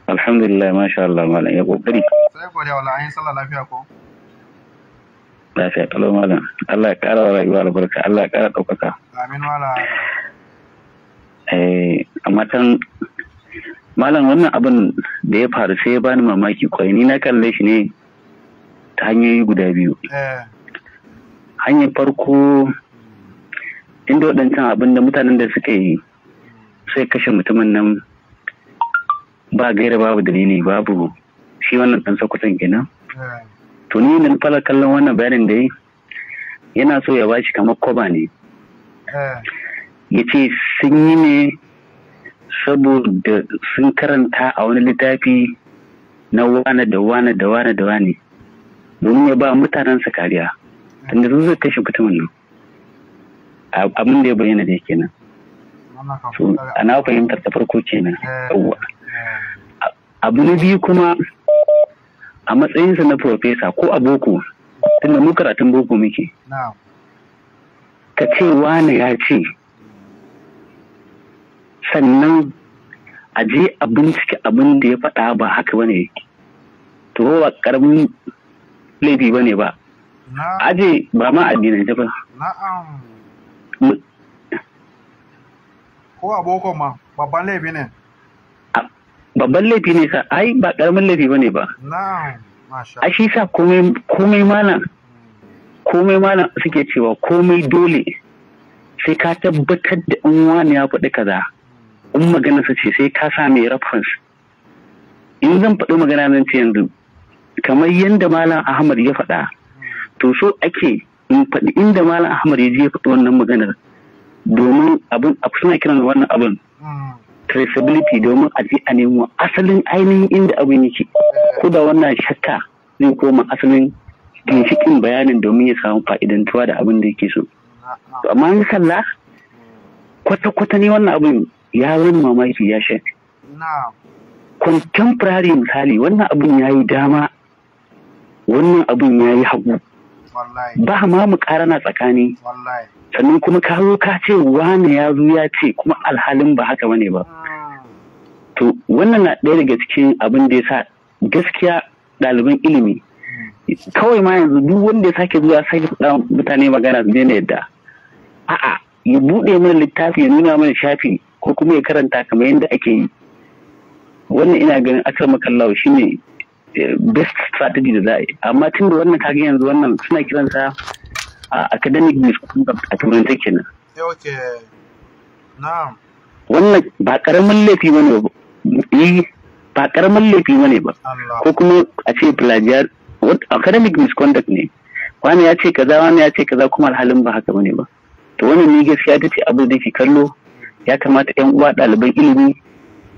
Alhamdulillah masha Allah ya kokari. Sai godiya wallahi sallah lafiya ko. lafiya kalau malam Allah ya kara rayuwa albarka Allah ya kara ɗaukaka eh, amma tan malam wannan abin da ya faru sai ya bani mamaki kwai ni na kalle shi ne ta hanyoyi guda biyu eh. hanyar farko inda waɗancan abin da mutanen da suka yi sai kashe mutumin nan ba gaira babu dalili babu shi wannan ɗan sakwatan kenan eh. Tuni ni da fara kallon wannan bayanin da yi yana so ya bashi kamar koba ne ya ce sun yi ne saboda sun karanta a wani littafi na wane da wane da wane da wane domin ya ba mutanensa kariya tunda sun zai kashe mutumin nan abin da ya bayyana da kenan ana fahimtar ta farko kenan eh, eh. abu na biyu kuma a matsayinsa na profesa ko a boko tunda mu karatun boko muke ka ce wani ya ce sannan a je a bincike abin da ya faɗa ba haka ba ne to ba karamin laifi ba ne ba aje ba ma addinance ba ko a boko ma babban laifi ne babban laifi ne sa ai ba karamin laifi bane ba a shi sa komai mana komai mana suke cewa komai dole sai ka tabbatar da in wani ya faɗi kaza in magana su ce sai ka sa mai reference in zan faɗi magana nan ce yanzu kamar yadda malam ahmad ya faɗa to so ake in faɗi inda malam ahmad ya je ya faɗi wannan maganar domin abin suna kiran wannan abin mm. traceability domin a je a nemo asalin ainihin inda abin yake ko da wannan shakka zai koma asalin ginshikin bayanin domin ya samu fa'idantuwa da abin da yake so amma in sallah kwata-kwata ne wannan abin ya zama mamaki ya sha contemporary misali wannan abin ya yi dama wannan abin ya yi hagu ba ma mu karana tsakani sannan kuma ka zo ka ce wane ya zo ya ce kuma alhalin ba haka bane ba to wannan na ɗaya daga cikin abin da ya sa gaskiya ɗaliban ilimi kawai ma yanzu duk wanda ya sake zuwa sake faɗa mutane magana su daina yadda a'a ya buɗe mana littafi ya nuna mana shafi ko kuma ya karanta kamar yadda ake yi wannan ina ganin akar makallawa shine eh, best strategy da za yi amma tun da wannan kage yanzu wannan suna kiransa academic misconduct a turanci kenan eh, wannan ba ƙaramin laifi bane ba eh, ba ƙaramin laifi bane ba ko kuma a ce plagiar academic misconduct ne wani ya ce kaza wani ya ce kaza kuma alhalin ba haka bane ba to wannan ni gaskiya ta ce abu da ke kallo ya kamata yan uwa ɗaliban ilimi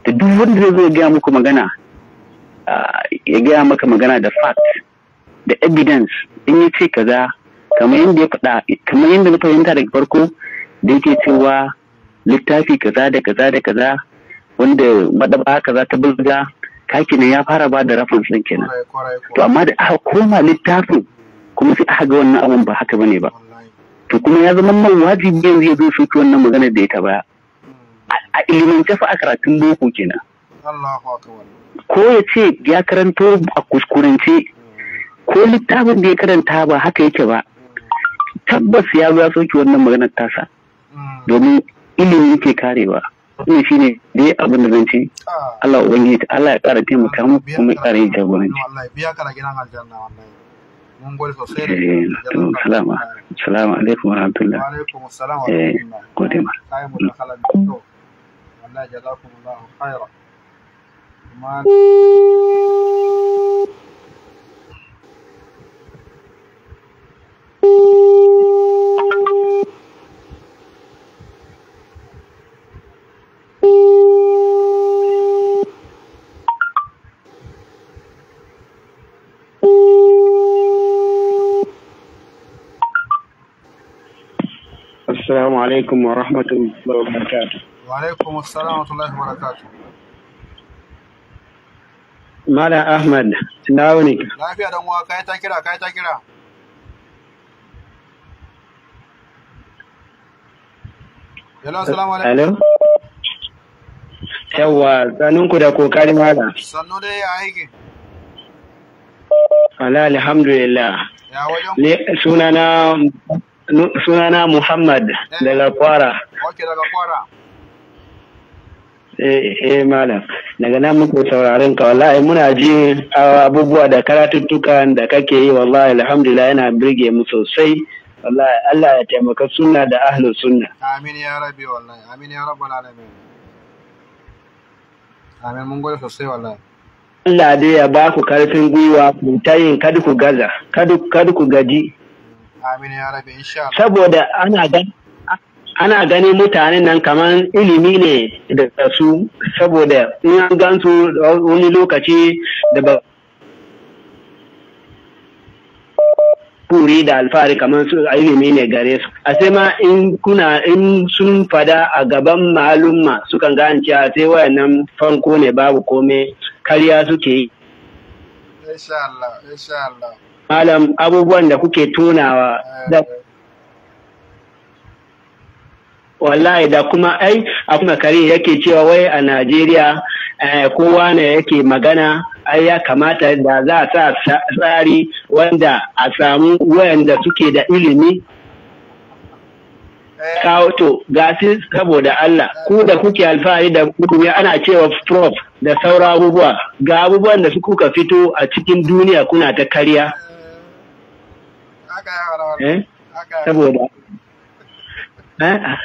da duk wanda zai zo ya gaya muku magana ah, ya gaya maka magana da fact da evidence in ya ce kaza kamar yadda ya faɗa kamar yadda na fahimta daga farko da yake cewa littafi kaza da kaza da kaza wanda madaba kaza ta kaki ne ya fara ba da rafin sun kenan to amma da aka koma littafin kuma sai aka ga wannan abun ba haka bane ba to kuma ya zama man wajibi yanzu ya zo soki wannan maganar da ya ta baya a ilimin tafa a karatun boko kenan ko ya ce ya karanto a kuskurance ko littafin da ya karanta ba haka yake ba tabbas ya zo ya soke wannan maganar tasa domin ilimin ke karewa ina shi ne da ya abin da zance Allah ubangiji Allah ya kara taimaka mu kuma ya kara yin jagoranci Allah ya biya kara gidan aljanna wallahi mun gode sosai da eh, salama salamu alaikum warahmatullah wa alaikum assalam wa eh, rahmatullah gode ma kai mu da kalan to wallahi jazakumullahu khairan Assalamu alaikum wa Ahmad, na wuni. Lafiya dan uwa ta ta Hello, assalamu alaikum. Yawwa, da kokari mala. Sannu dai ya aiki. Ala alhamdulillah. Ya wajen sunana sunana Muhammad eh. daga Kwara. Ok, daga Kwara. Eh, eh, malam. Daga nan muku sauraron ka wallahi muna ji ah, abubuwa da karatuttukan da kake yi wallahi alhamdulillah yana birge mu sosai. Allah ya taimaka sunna da ahlus sunna amin ya rabbi wallahi amin ya rabbal alamin amin mun gode sosai wallahi Allah dai ya ba ku karfin gwiwa ku tayin kada ku gaza kada ku gaji amin ya rabbi insha Allah saboda ana gani ana ganin mutanen nan kamar ilimi ne da su saboda in an gansu wani lokaci da ba kuri da alfahari kamar su ilimi ne gare su a sai ma in kuna in sun fada a gaban ma'alumma sukan gane cewa sai wayannan fanko ne babu kome karya suke yi malam abubuwan da kuke tunawa eh. da wallahi da kuma ai a kuma kare yake cewa wai a Najeriya eh, kowa ne yake magana ai ya kamata da za a sa tsari wanda a samu wayanda suke da ilimi eh. kawo to gasi saboda Allah ku da kuke alfahari da kudumiya ana cewa prof da sauran abubuwa ga abubuwan da suka fito a cikin duniya kuna ta karya eh. eh? saboda Eh?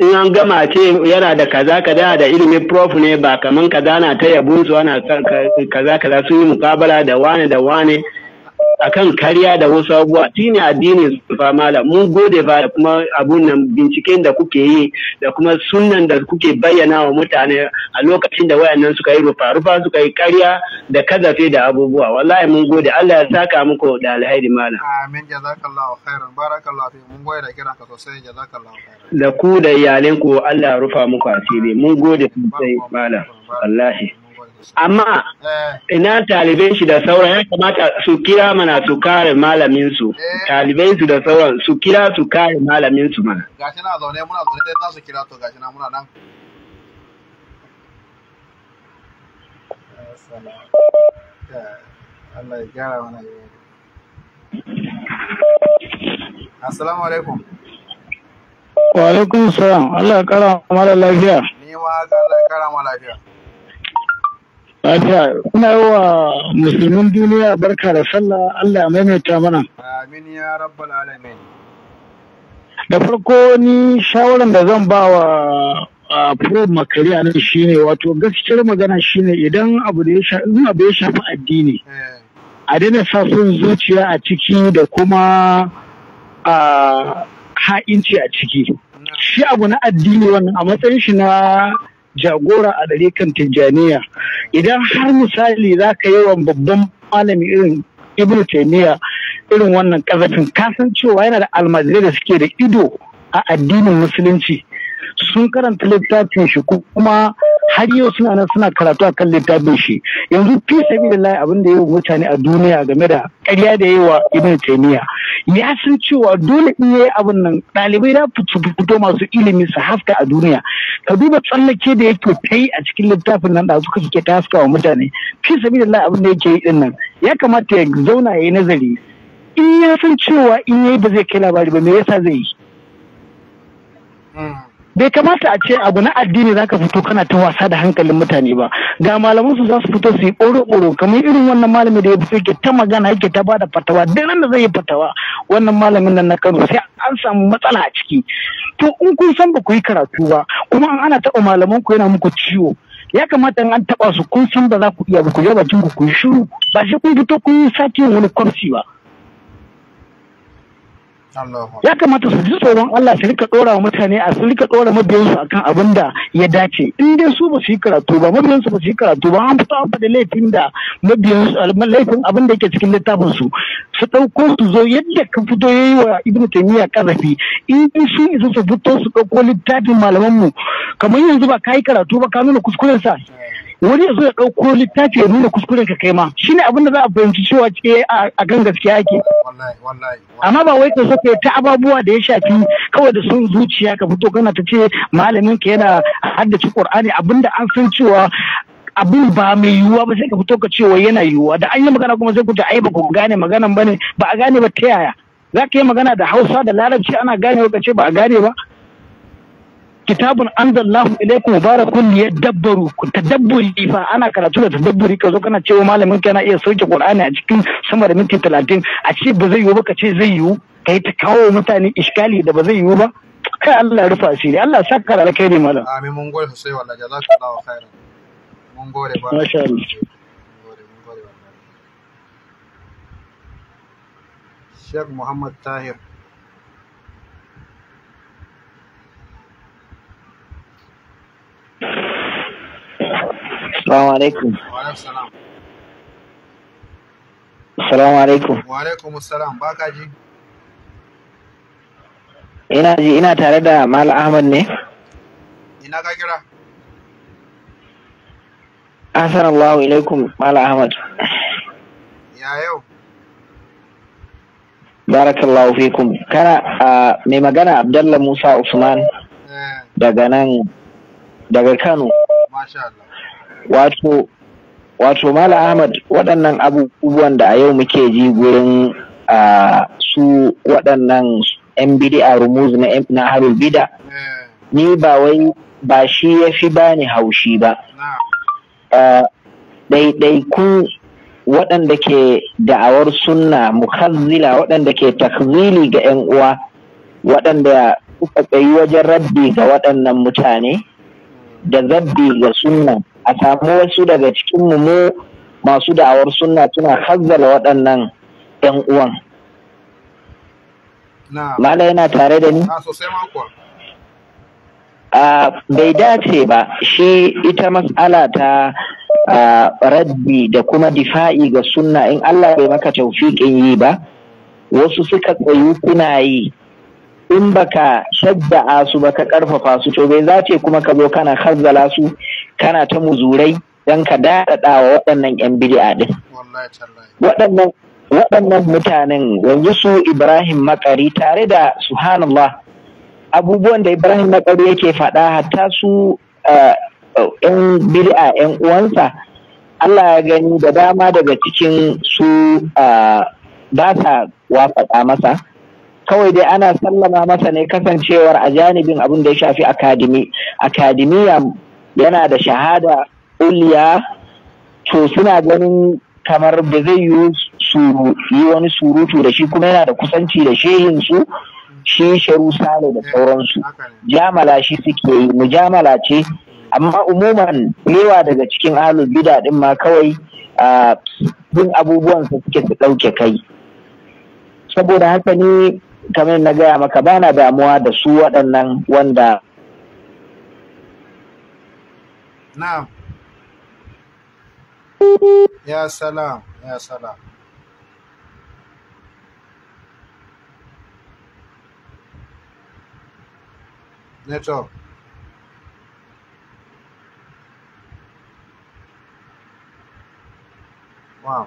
in an gama ce yana da kaza kaza da ilimin prof ne ba kaman kaza na ta yabun ana kaza kaza sun yi mukabala da wane da wane akan kariya da wasu abubuwa shi ne su fa malam mun gode ba da kuma abun nan binciken da kuke yi da kuma sunan da kuke bayyana wa mutane a lokacin da wayannan suka yi rufa rufa suka yi kariya da kazafe da abubuwa wallahi mun gode Allah ya saka muku da alheri malam amin jazakallahu khairan barakallahu fi mun gode da kiran ka sosai jazakallahu khairan da ku da iyalanku Allah ya rufa muku asiri mun gode sosai malam wallahi amma eh. ina talibai shi da sauran ya kamata su kira mana su kare malamin su eh. talibai su da sauran su kira su kare malamin su mana gashi na zaune muna zaune dai za su kira to gashi na muna nan eh, Allah ya gyara mana Assalamu alaikum. Wa alaikum salam. Allah ya kara mala lafiya. Ni ma Allah ya kara mala lafiya. Lafiya, kuna yi wa musulmin duniya barka da sallah Allah maimaita mana. Amin ya rabbal alamin. Da farko ni shawarar da zan ba wa Prof Makari nan shi ne, wato gaskiyar magana shi ne idan abu da ya shafi addini. A daina sa sun zuciya a ciki da kuma ha'inci a ciki. Shi abu na addini wannan a matsayin shi na jagora a kan tijjaniya idan har misali za ka yi wa babban malami irin ibn taimiyya irin wannan kazafin kasan cewa yana da almajirai da suke da ido a addinin musulunci sun karanta littafin shi kuma har yau suna nan suna karatu akan littafin shi yanzu fi lai abin da wa mutane a duniya game da karya da yawa ibn taimiyya, ya san cewa dole in yi abin nan ɗalibai na fito masu ilimi su haska a duniya ka duba tsallake da yake kai a cikin littafin nan da suka suke ta haska wa mutane fi lai abin da yake yi din nan ya kamata ya zauna ya yi nazari in ya san cewa in yi ba zai kai labari ba me yasa zai yi hmm. bai kamata a ce abu na addini zaka fito kana ta wasa da hankalin mutane ba ga malaman su za su fito su yi ɓoro-ɓoro kamar irin wannan malamin da ya fito yake ta magana yake ta bada fatawa duk nan da zai yi fatawa wannan malamin nan na Kano sai an samu matsala a ciki to in kun san ba ku yi karatu ba kuma an ana taɓa malaman ku yana muku ciwo ya kamata in an taɓa su kun san ba za ku iya ba ku je ku yi shiru ba shi kun fito kun yi sati wani kwamsi ba ya kamata su ji tsoron Allah su rika dora mutane a su rika dora mabiyansu akan abin da ya dace in dai su ba su yi karatu ba mabiyansu ba su yi karatu ba an fito an laifin da mabiyansu laifin abin da yake cikin littafin su su ɗauko su zo yadda ka fito ya yi wa ibnu taimiyya kazafi in sun isa su fito su ɗauko littafin malamanmu. kamar yanzu ba ka yi karatu ba ka nuna kuskuren sa eh. wani ya zo ya ɗauko littafi ya nuna kuskuren ka kai ma shi ne abin da za a fahimci cewa ce a gan gaskiya ake amma ba wai ka so ta ababuwa da ya shafi kawai da sun zuciya ka fito kana ta ce malamin ka yana haddace qur'ani abinda an san cewa abin ba mai yiwuwa ba sai ka fito ka ce wai yana yiwuwa da an yi magana kuma sai ku ta ai ba ku gane maganan bane ba a gane ba ta yaya za ka yi magana da hausa da larabci ana ganewa ka ce ba a gane ba kitabun anzallahu ilaikum mubarakun ta tadabburi fa ana karatu da tadabburi ka zo kana cewa malamin ka yana iya sauke qur'ani a cikin sama da minti talatin a ce ba zai yiwu ba ka ce zai yiwu kai ta kawo mutane iskali da ba zai yiwu ba kai Allah rufa asiri Allah saka da alkhairi malam amin mun gode sosai wallahi jazakallahu khairan mun gode ba masha Allah Sheikh Muhammad Tahir Assalamu alaikum. Assalamu alaikum. Ina ji ina tare da Mal Ahmad ne? Ina ka kira? Asan Allah ilaikum Mal Ahmad. Ya yau. Barakallahu fikum. Kana ah, mai magana Abdallah Musa Usman eh. daga nan daga Kano. Wato, wato Mala Ahmad waɗannan abubuwan da a yau muke ji gurin su waɗannan 'yan bidi'a a na na harul bida eh. ni ba wai ba shi ya fi bani haushi ba ɗaiɗaikun waɗanda ke da'awar sunna mukazzila waɗanda ke takzili ga 'yan uwa waɗanda suka tsayi wajen raddi ga waɗannan mutane da zabbi ga sunna a samu wasu daga cikin mu masu da'awar sunna suna hazzala waɗannan 'yan uwan Mala yana tare da ni? Bai dace ba, shi ita mas'ala ta rabbi da kuma difa'i ga sunna in Allah bai maka taufiƙin yi ba, wasu suka tsayu kuna yi in baka shadda'a su ba ka karfafa su to bai ce kuma ka zo kana harzala su kana ta muzurai don ka daɗaɗa wa waɗannan 'yan a ɗin. Waɗannan mutanen yanzu su Ibrahim Makari tare da Subhanallah abubuwan da Ibrahim Makari yake faɗa hatta su 'yan a 'yan uwansa Allah ya gani da dama daga cikin su ba sa wafaɗa masa. kawai dai ana sallama masa ne kasancewar a janibin abin da ya shafi akadimi akadimiya yana da shahada uliya to suna ganin kamar da zai yi yi wani surutu da shi kuma yana da kusanci da su shi sharu sale da sauransu jamala shi suke yi mu Jamala ce amma umuman lewa daga cikin ahlul bida din ma kawai bin abubuwan su suke su ɗauke kai saboda haka ne kamar na gaya maka bana damuwa da su waɗannan wanda na'am ya salam ya salam neto wow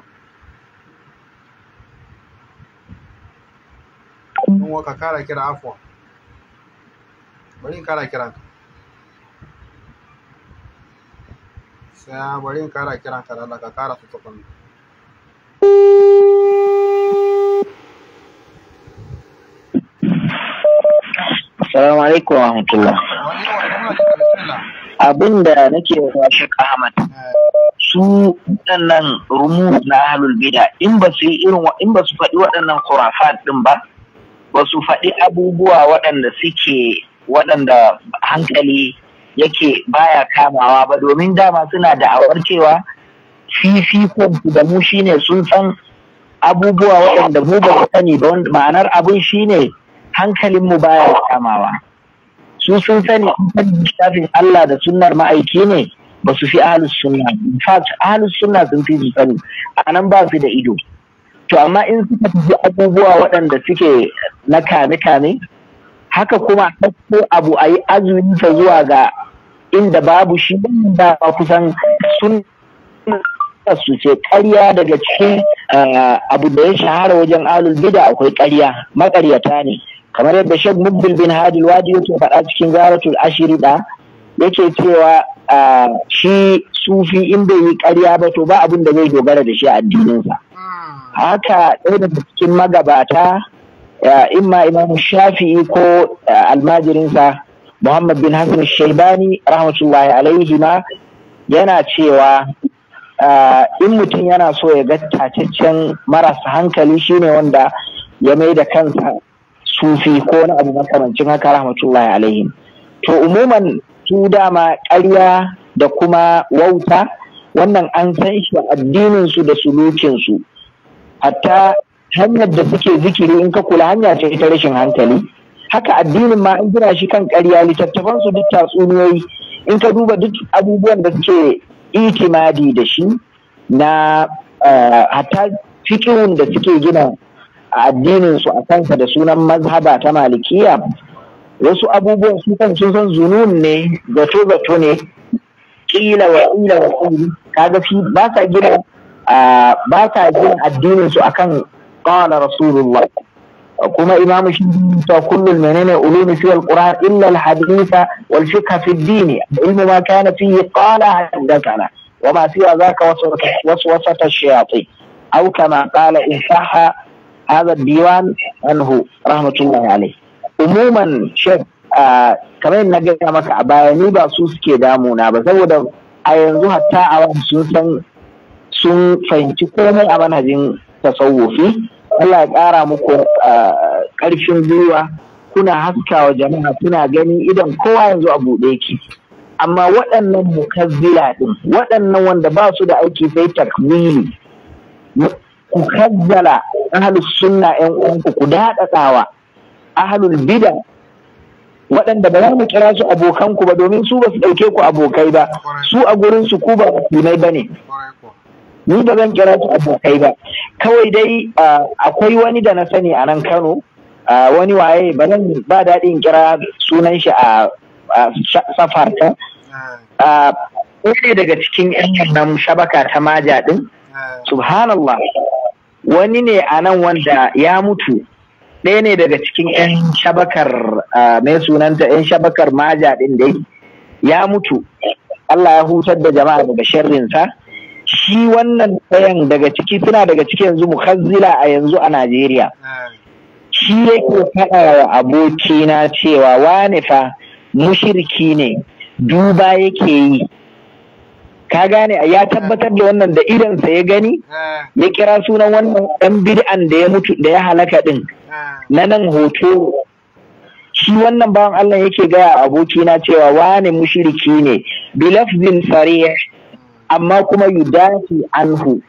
don waka kara kira afuwa bari in kara kira ka sai bari in kara kira ka da ka kara su tukun Salamu alaikum wa rahmatullah. Abin da nake wa Sheikh Ahmad. su waɗannan rumu na ahlul bida in ba su yi irin in ba su faɗi waɗannan khurafat ɗin ba ba su faɗi abubuwa waɗanda suke waɗanda hankali yake baya kamawa ba domin dama suna da'awar cewa fifikon da mu shine sun san abubuwa waɗanda mu ba su sani ba ma'anar abun shine hankalinmu baya kamawa su sun sani shafin Allah da sunnar ma'aiki ne ba su fi ahlus sunna in fact ahlus sunna sun fi su sani a nan ba su da ido to amma in suka fi abubuwa waɗanda suke na kame-kame haka kuma ɗauko abu a yi azuminsa zuwa ga inda babu shi da kusan sun su ce ƙarya daga cikin eh, abu da ya shahara wajen alul bida akwai ƙarya maƙaryata ne kamar yadda shek mubbil bin hadil wadi yake faɗa cikin zaratul ashiri da yake cewa eh, shi sufi in bai yi ƙarya ba to ba abin da zai dogara da shi a addininsa haka ɗaya daga cikin magabata imma imam shafi'i ko almajirinsa muhammad bin hassan shaibani rahmatullahi alaihi ma yana cewa in mutum yana so ya ga tacaccen marasa hankali shine wanda ya mai da kansa sufi ko na abu makamancin haka rahmatullahi alaihi to umuman su dama karya da kuma wauta wannan an san shi addininsu da sulukinsu hatta hanyar da suke zikiri in ka kula hanya ce ta rashin hankali haka addinin ma in gina shi kan ƙarya littattafan su duk tatsuniyoyi in ka duba duk abubuwan da suke itimadi da shi na eh, hatta fikihun da suke gina addinin su a kansa da sunan mazhaba ta malikiya wasu abubuwan su kan sun san zunun ne gato-gato ne kila wa ila wa kaga fi ba sa gina ba sa jin addinin su akan qala rasulullah kuma imamu shi ta kullum menene ulumi fi alquran illa alhaditha wal fiqh fi ad-din ilmu ma kana fihi qala hadathana wa ma siwa zaka waswasat ash-shayatin aw kama qala in sahha hadha ad-diwan anhu rahmatullahi alayh umuman shek kamar na gaya maka a baya ni ba su suke na ba saboda a yanzu hatta a sun san sun fahimci komai a manhajin tasawufi Allah ya ƙara muku ƙarfin gwiwa kuna haskawa jama'a kuna gani idan kowa yanzu a buɗe yake amma waɗannan mukazzila ɗin waɗannan wanda ba su da aiki sai takmili ku kazzala ahlus sunna yan uwanku ku daɗaɗawa ahlul bida waɗanda ba za mu kira su abokanku ba domin su ba su ɗauke ku abokai ba su a gurinsu ku ba ba ne ni ba zan kira su abokai ba kawai dai ah, akwai wani da na sani a nan kano ah, wani waye ba zan ba daɗin kira sunan shi a safarta wani ah, daga cikin 'yan nan shabaka ta maja ɗin subhanallah wani ne a nan wanda ya mutu ɗaya ne daga cikin 'yan shabakar mai sunanta 'yan shabakar maja ɗin dai ya mutu Allah ya hutar da jama'a daga sharrinsa shi wannan ɗayan daga ciki suna daga ciki yanzu mukazzila a yanzu a Najeriya. Shi yake faɗa wa abokina cewa wane fa mushirki ne duba yake yi. Ka gane ya tabbatar da wannan da idansa ya gani ya kira sunan wannan ɗan bid'an da ya mutu da ya halaka ɗin na nan hoto shi wannan bawan Allah yake gaya abokina cewa wane mushirki ne bilafzin sarih amma kuma yudafi anhu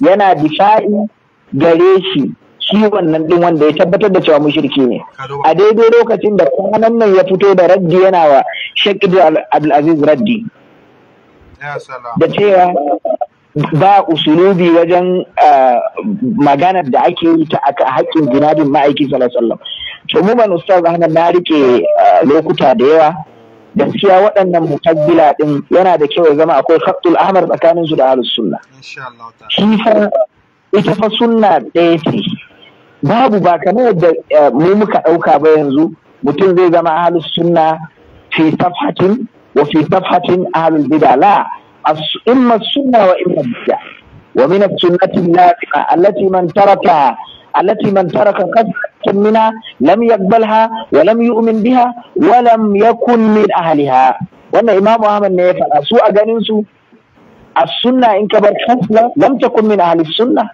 yana difa'i gare shi shi wannan ɗin wanda ya tabbatar da cewa mushriki ne a daidai lokacin da kwanan nan ya fito da raddi yana wa shakidu Abdulaziz raddi da cewa ba usulubi wajen ah, maganar da ake yi ta aka haƙƙin jinabin ma'aiki sallallahu alaihi ustaz Ahmad na rike ah, lokuta da yawa gaskiya waɗannan mukabbila din yana da kyau ya zama akwai faktul ahmar tsakanin su da ahlus sunna shi fa ita fa sunna ɗaya ce babu ba kamar yadda eh, mu muka ɗauka ba yanzu mutum zai zama ahlus sunna fi safhatin wa fi safhatin ahlul bid'a la imma sunna wa imma bid'a wa min as-sunnati allati man taraka التي من ترك قسط منها لم يقبلها ولم يؤمن بها ولم يكن من أهلها وأن إمام أحمد نيفا أسوء أغانينسو السنة إن كبر كسلة لم تكن من أهل السنة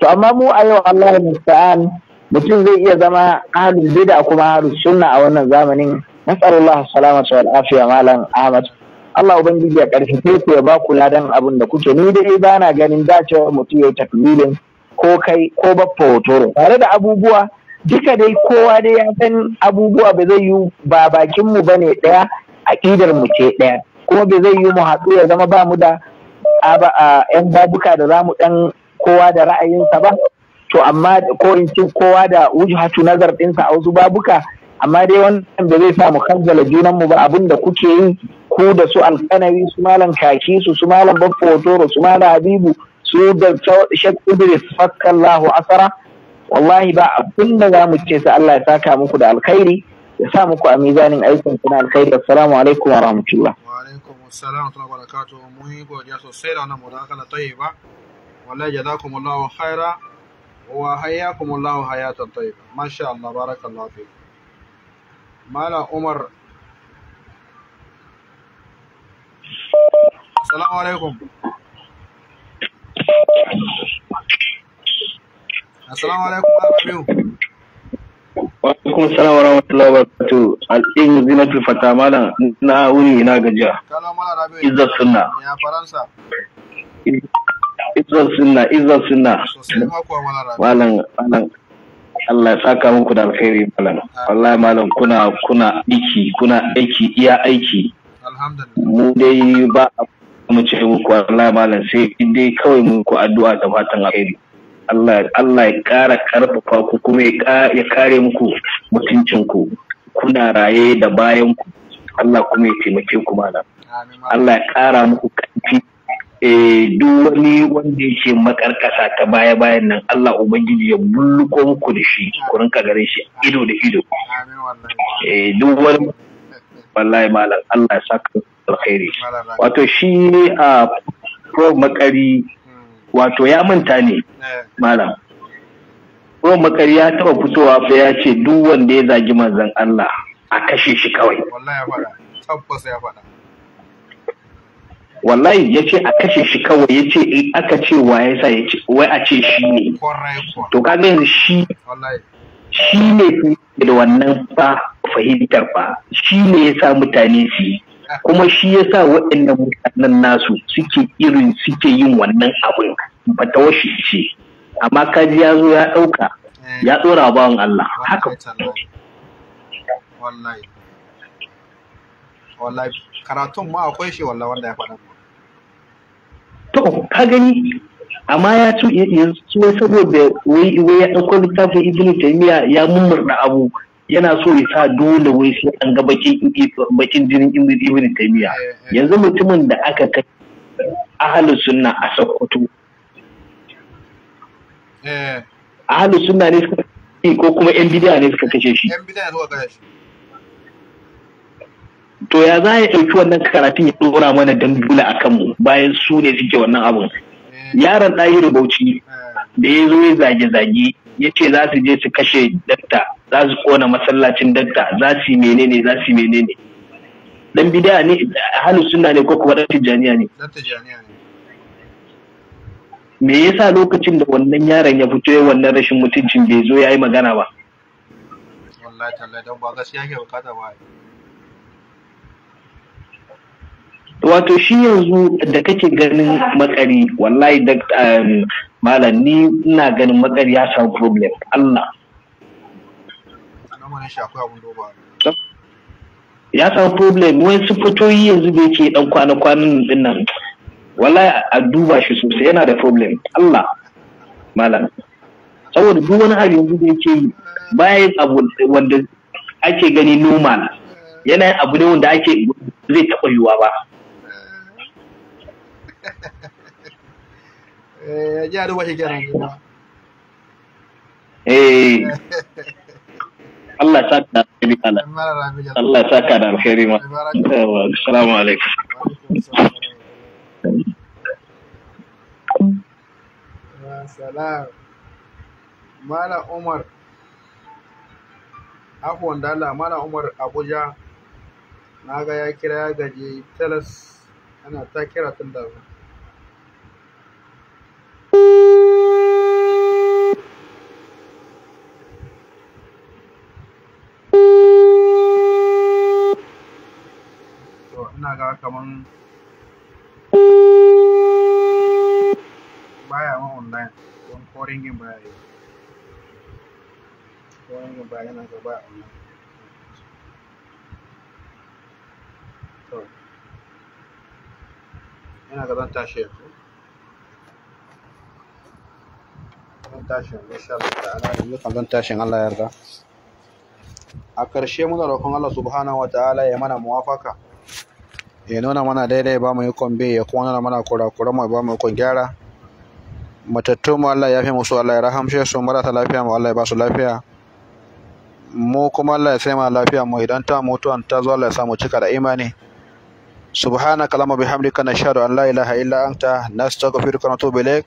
فأمامو أيوة الله المستعان mutum zai iya zama ahlul bid'a kuma ahlul sunna a wannan zamanin nasarullah salamata wal afiya malam ahmad Allah ubangiji ya karfafe ku ya ba ku ladan abin da kuke ni dai ba na ganin dacewar mutum ya yi takbilin ko kai ko baffa hotoro tare da abubuwa duka dai kowa dai ya san abubuwa ba zai yi ba bakin mu bane daya ƙidar mu ce daya kuma ba zai yi mu haɗu ya zama ba mu da yan babuka da za mu dan kowa da ra'ayinsa ba to amma ko in ce kowa da wujhatu nazar ɗinsa a wasu babuka amma dai wannan ba zai sa mu kanzala junanmu ba abin da kuke yi ku da su alkanawi su malam kaki su su malam hotoro su malam habibu su da shek idris fakallahu asara wallahi ba abin da za mu ce sai Allah ya saka muku da alkhairi ya sa muku a mizanin aikin ku na alkhairi assalamu alaikum wa rahmatullah wa alaikum assalam wa barakatuh mun yi godiya sosai da wannan murakala tayyiba wallahi jazakumullahu khaira wa hayyakumullahu hayatan tayyiba masha Allah barakallahu fi mala umar assalamu alaikum Assalamu alaikum Arabiyu. Wa alaikum assalam wa rahmatullahi wa barakatuh. Al'in zinatul fata malam na wuri, na gajiya. Kalam Arabiyu. Izzat sunna. Ya Faransa. Izzat sunna, Izzat sunna. Malam malam Allah ya saka muku da alkhairi malam. Wallahi malam kuna kuna aiki, kuna aiki iya aiki. Alhamdulillah. Mu dai ba mu ce muku Allah malam sai dai kawai muku ku addu'a da fatan alheri Allah Allah ya kara karfafa ku kuma ya kare muku mutuncin ku kuna raye da bayan ku Allah kuma ya taimake ku malam Allah ya kara muku ƙarfi eh, duk wani wanda yake makarkasa ta baya bayan nan Allah ubangiji ya bulluko muku da shi ku rinka gare shi ido da ido eh, duk wani wallahi malam Allah ya saka alkhairi wato shi a pro makari wato ya manta ne eh. malam pro makari ya taba fitowa fa ya ce duk wanda ya zagi manzon Allah a kashe shi kawai wallahi ya tabbas ya wallahi ya ce a kashe shi kawai ya ce in eh, aka ce wa ya sa ya ce wai a ce shi ne to kaga yanzu shi shi ne da wannan ba fahimtar ba shi ne ya sa mutane su yi kuma shi ya sa waɗannan mutanen nasu suke irin suke yin wannan abin ba ta washe ce amma kaji ya zo ya ɗauka ya ɗora bawan Allah haka wallahi karatun ma akwai shi wallahi wanda ya faɗa to ka gani amma ya ci su saboda wai wai ya ɗauko littafin ibn taymiya ya mummurna abu yana so ya sa dole wai sai an ga bakin jinin ibn taymiya eh, eh. yanzu mutumin da aka kai ahalu sunna a sokoto eh. ahalu sunna ne suka ko kuma yan bidiya ne suka kashe shi to ya za ya ɗauki wannan karatun ya ɗora mana dambula a kanmu bayan su ne suke wannan abin yaron ɗahiru bauchi da ya zo ya zage-zage ya ce za su je su kashe dakta za su kona masallacin dakta za su yi menene za su yi menene dan bid'a ne ahlus suna ne ko kuma dan tijaniya ne me yasa lokacin da wannan yaron ya fito ya wannan rashin mutuncin bai zo ya yi magana ba wallahi dan ba gaskiya ke bukata ba wato shi yanzu da kake ganin matsari wallahi da um, malam ni ina ganin matsari ya samu problem Allah ya samu problem wani su yi yanzu da yake dan kwana-kwanan din nan wallahi a duba shi sosai yana da problem Allah malam saboda duk wani abu yanzu da yake yi bayan abu wanda ake gani normal yana abu ne wanda ake zai taɓa yiwa ba eh ya duba shi kenan eh Allah ya saka da alheri kana Allah ya saka da alheri ma assalamu alaikum salam Mala Umar afuwan dala Mala Umar Abuja na ga ya kira ya gaji talas ana ta kira tun da ina ga kaman baya ma online don korin yin baya yi yin baya yana ga baya online to yana ga zan tashi yanzu tashin Allah yarda a ƙarshe muna roƙon Allah subhanahu wata'ala ya mana muwafaka ya nuna mana daidai ba mu yi kwambe ya kuma nuna mana kura kura-kura mai ba mu yi gyara matattu mu Allah ya fi musu Allah ya rahamshe su marasa lafiya mu Allah ya ba su lafiya mu kuma Allah ya sai mana lafiya mu idan ta mutuwan ta zo Allah ya samu cika da imani سبحانك اللهم وبحمدك نشهد ان لا اله الا انت نستغفرك ونتوب اليك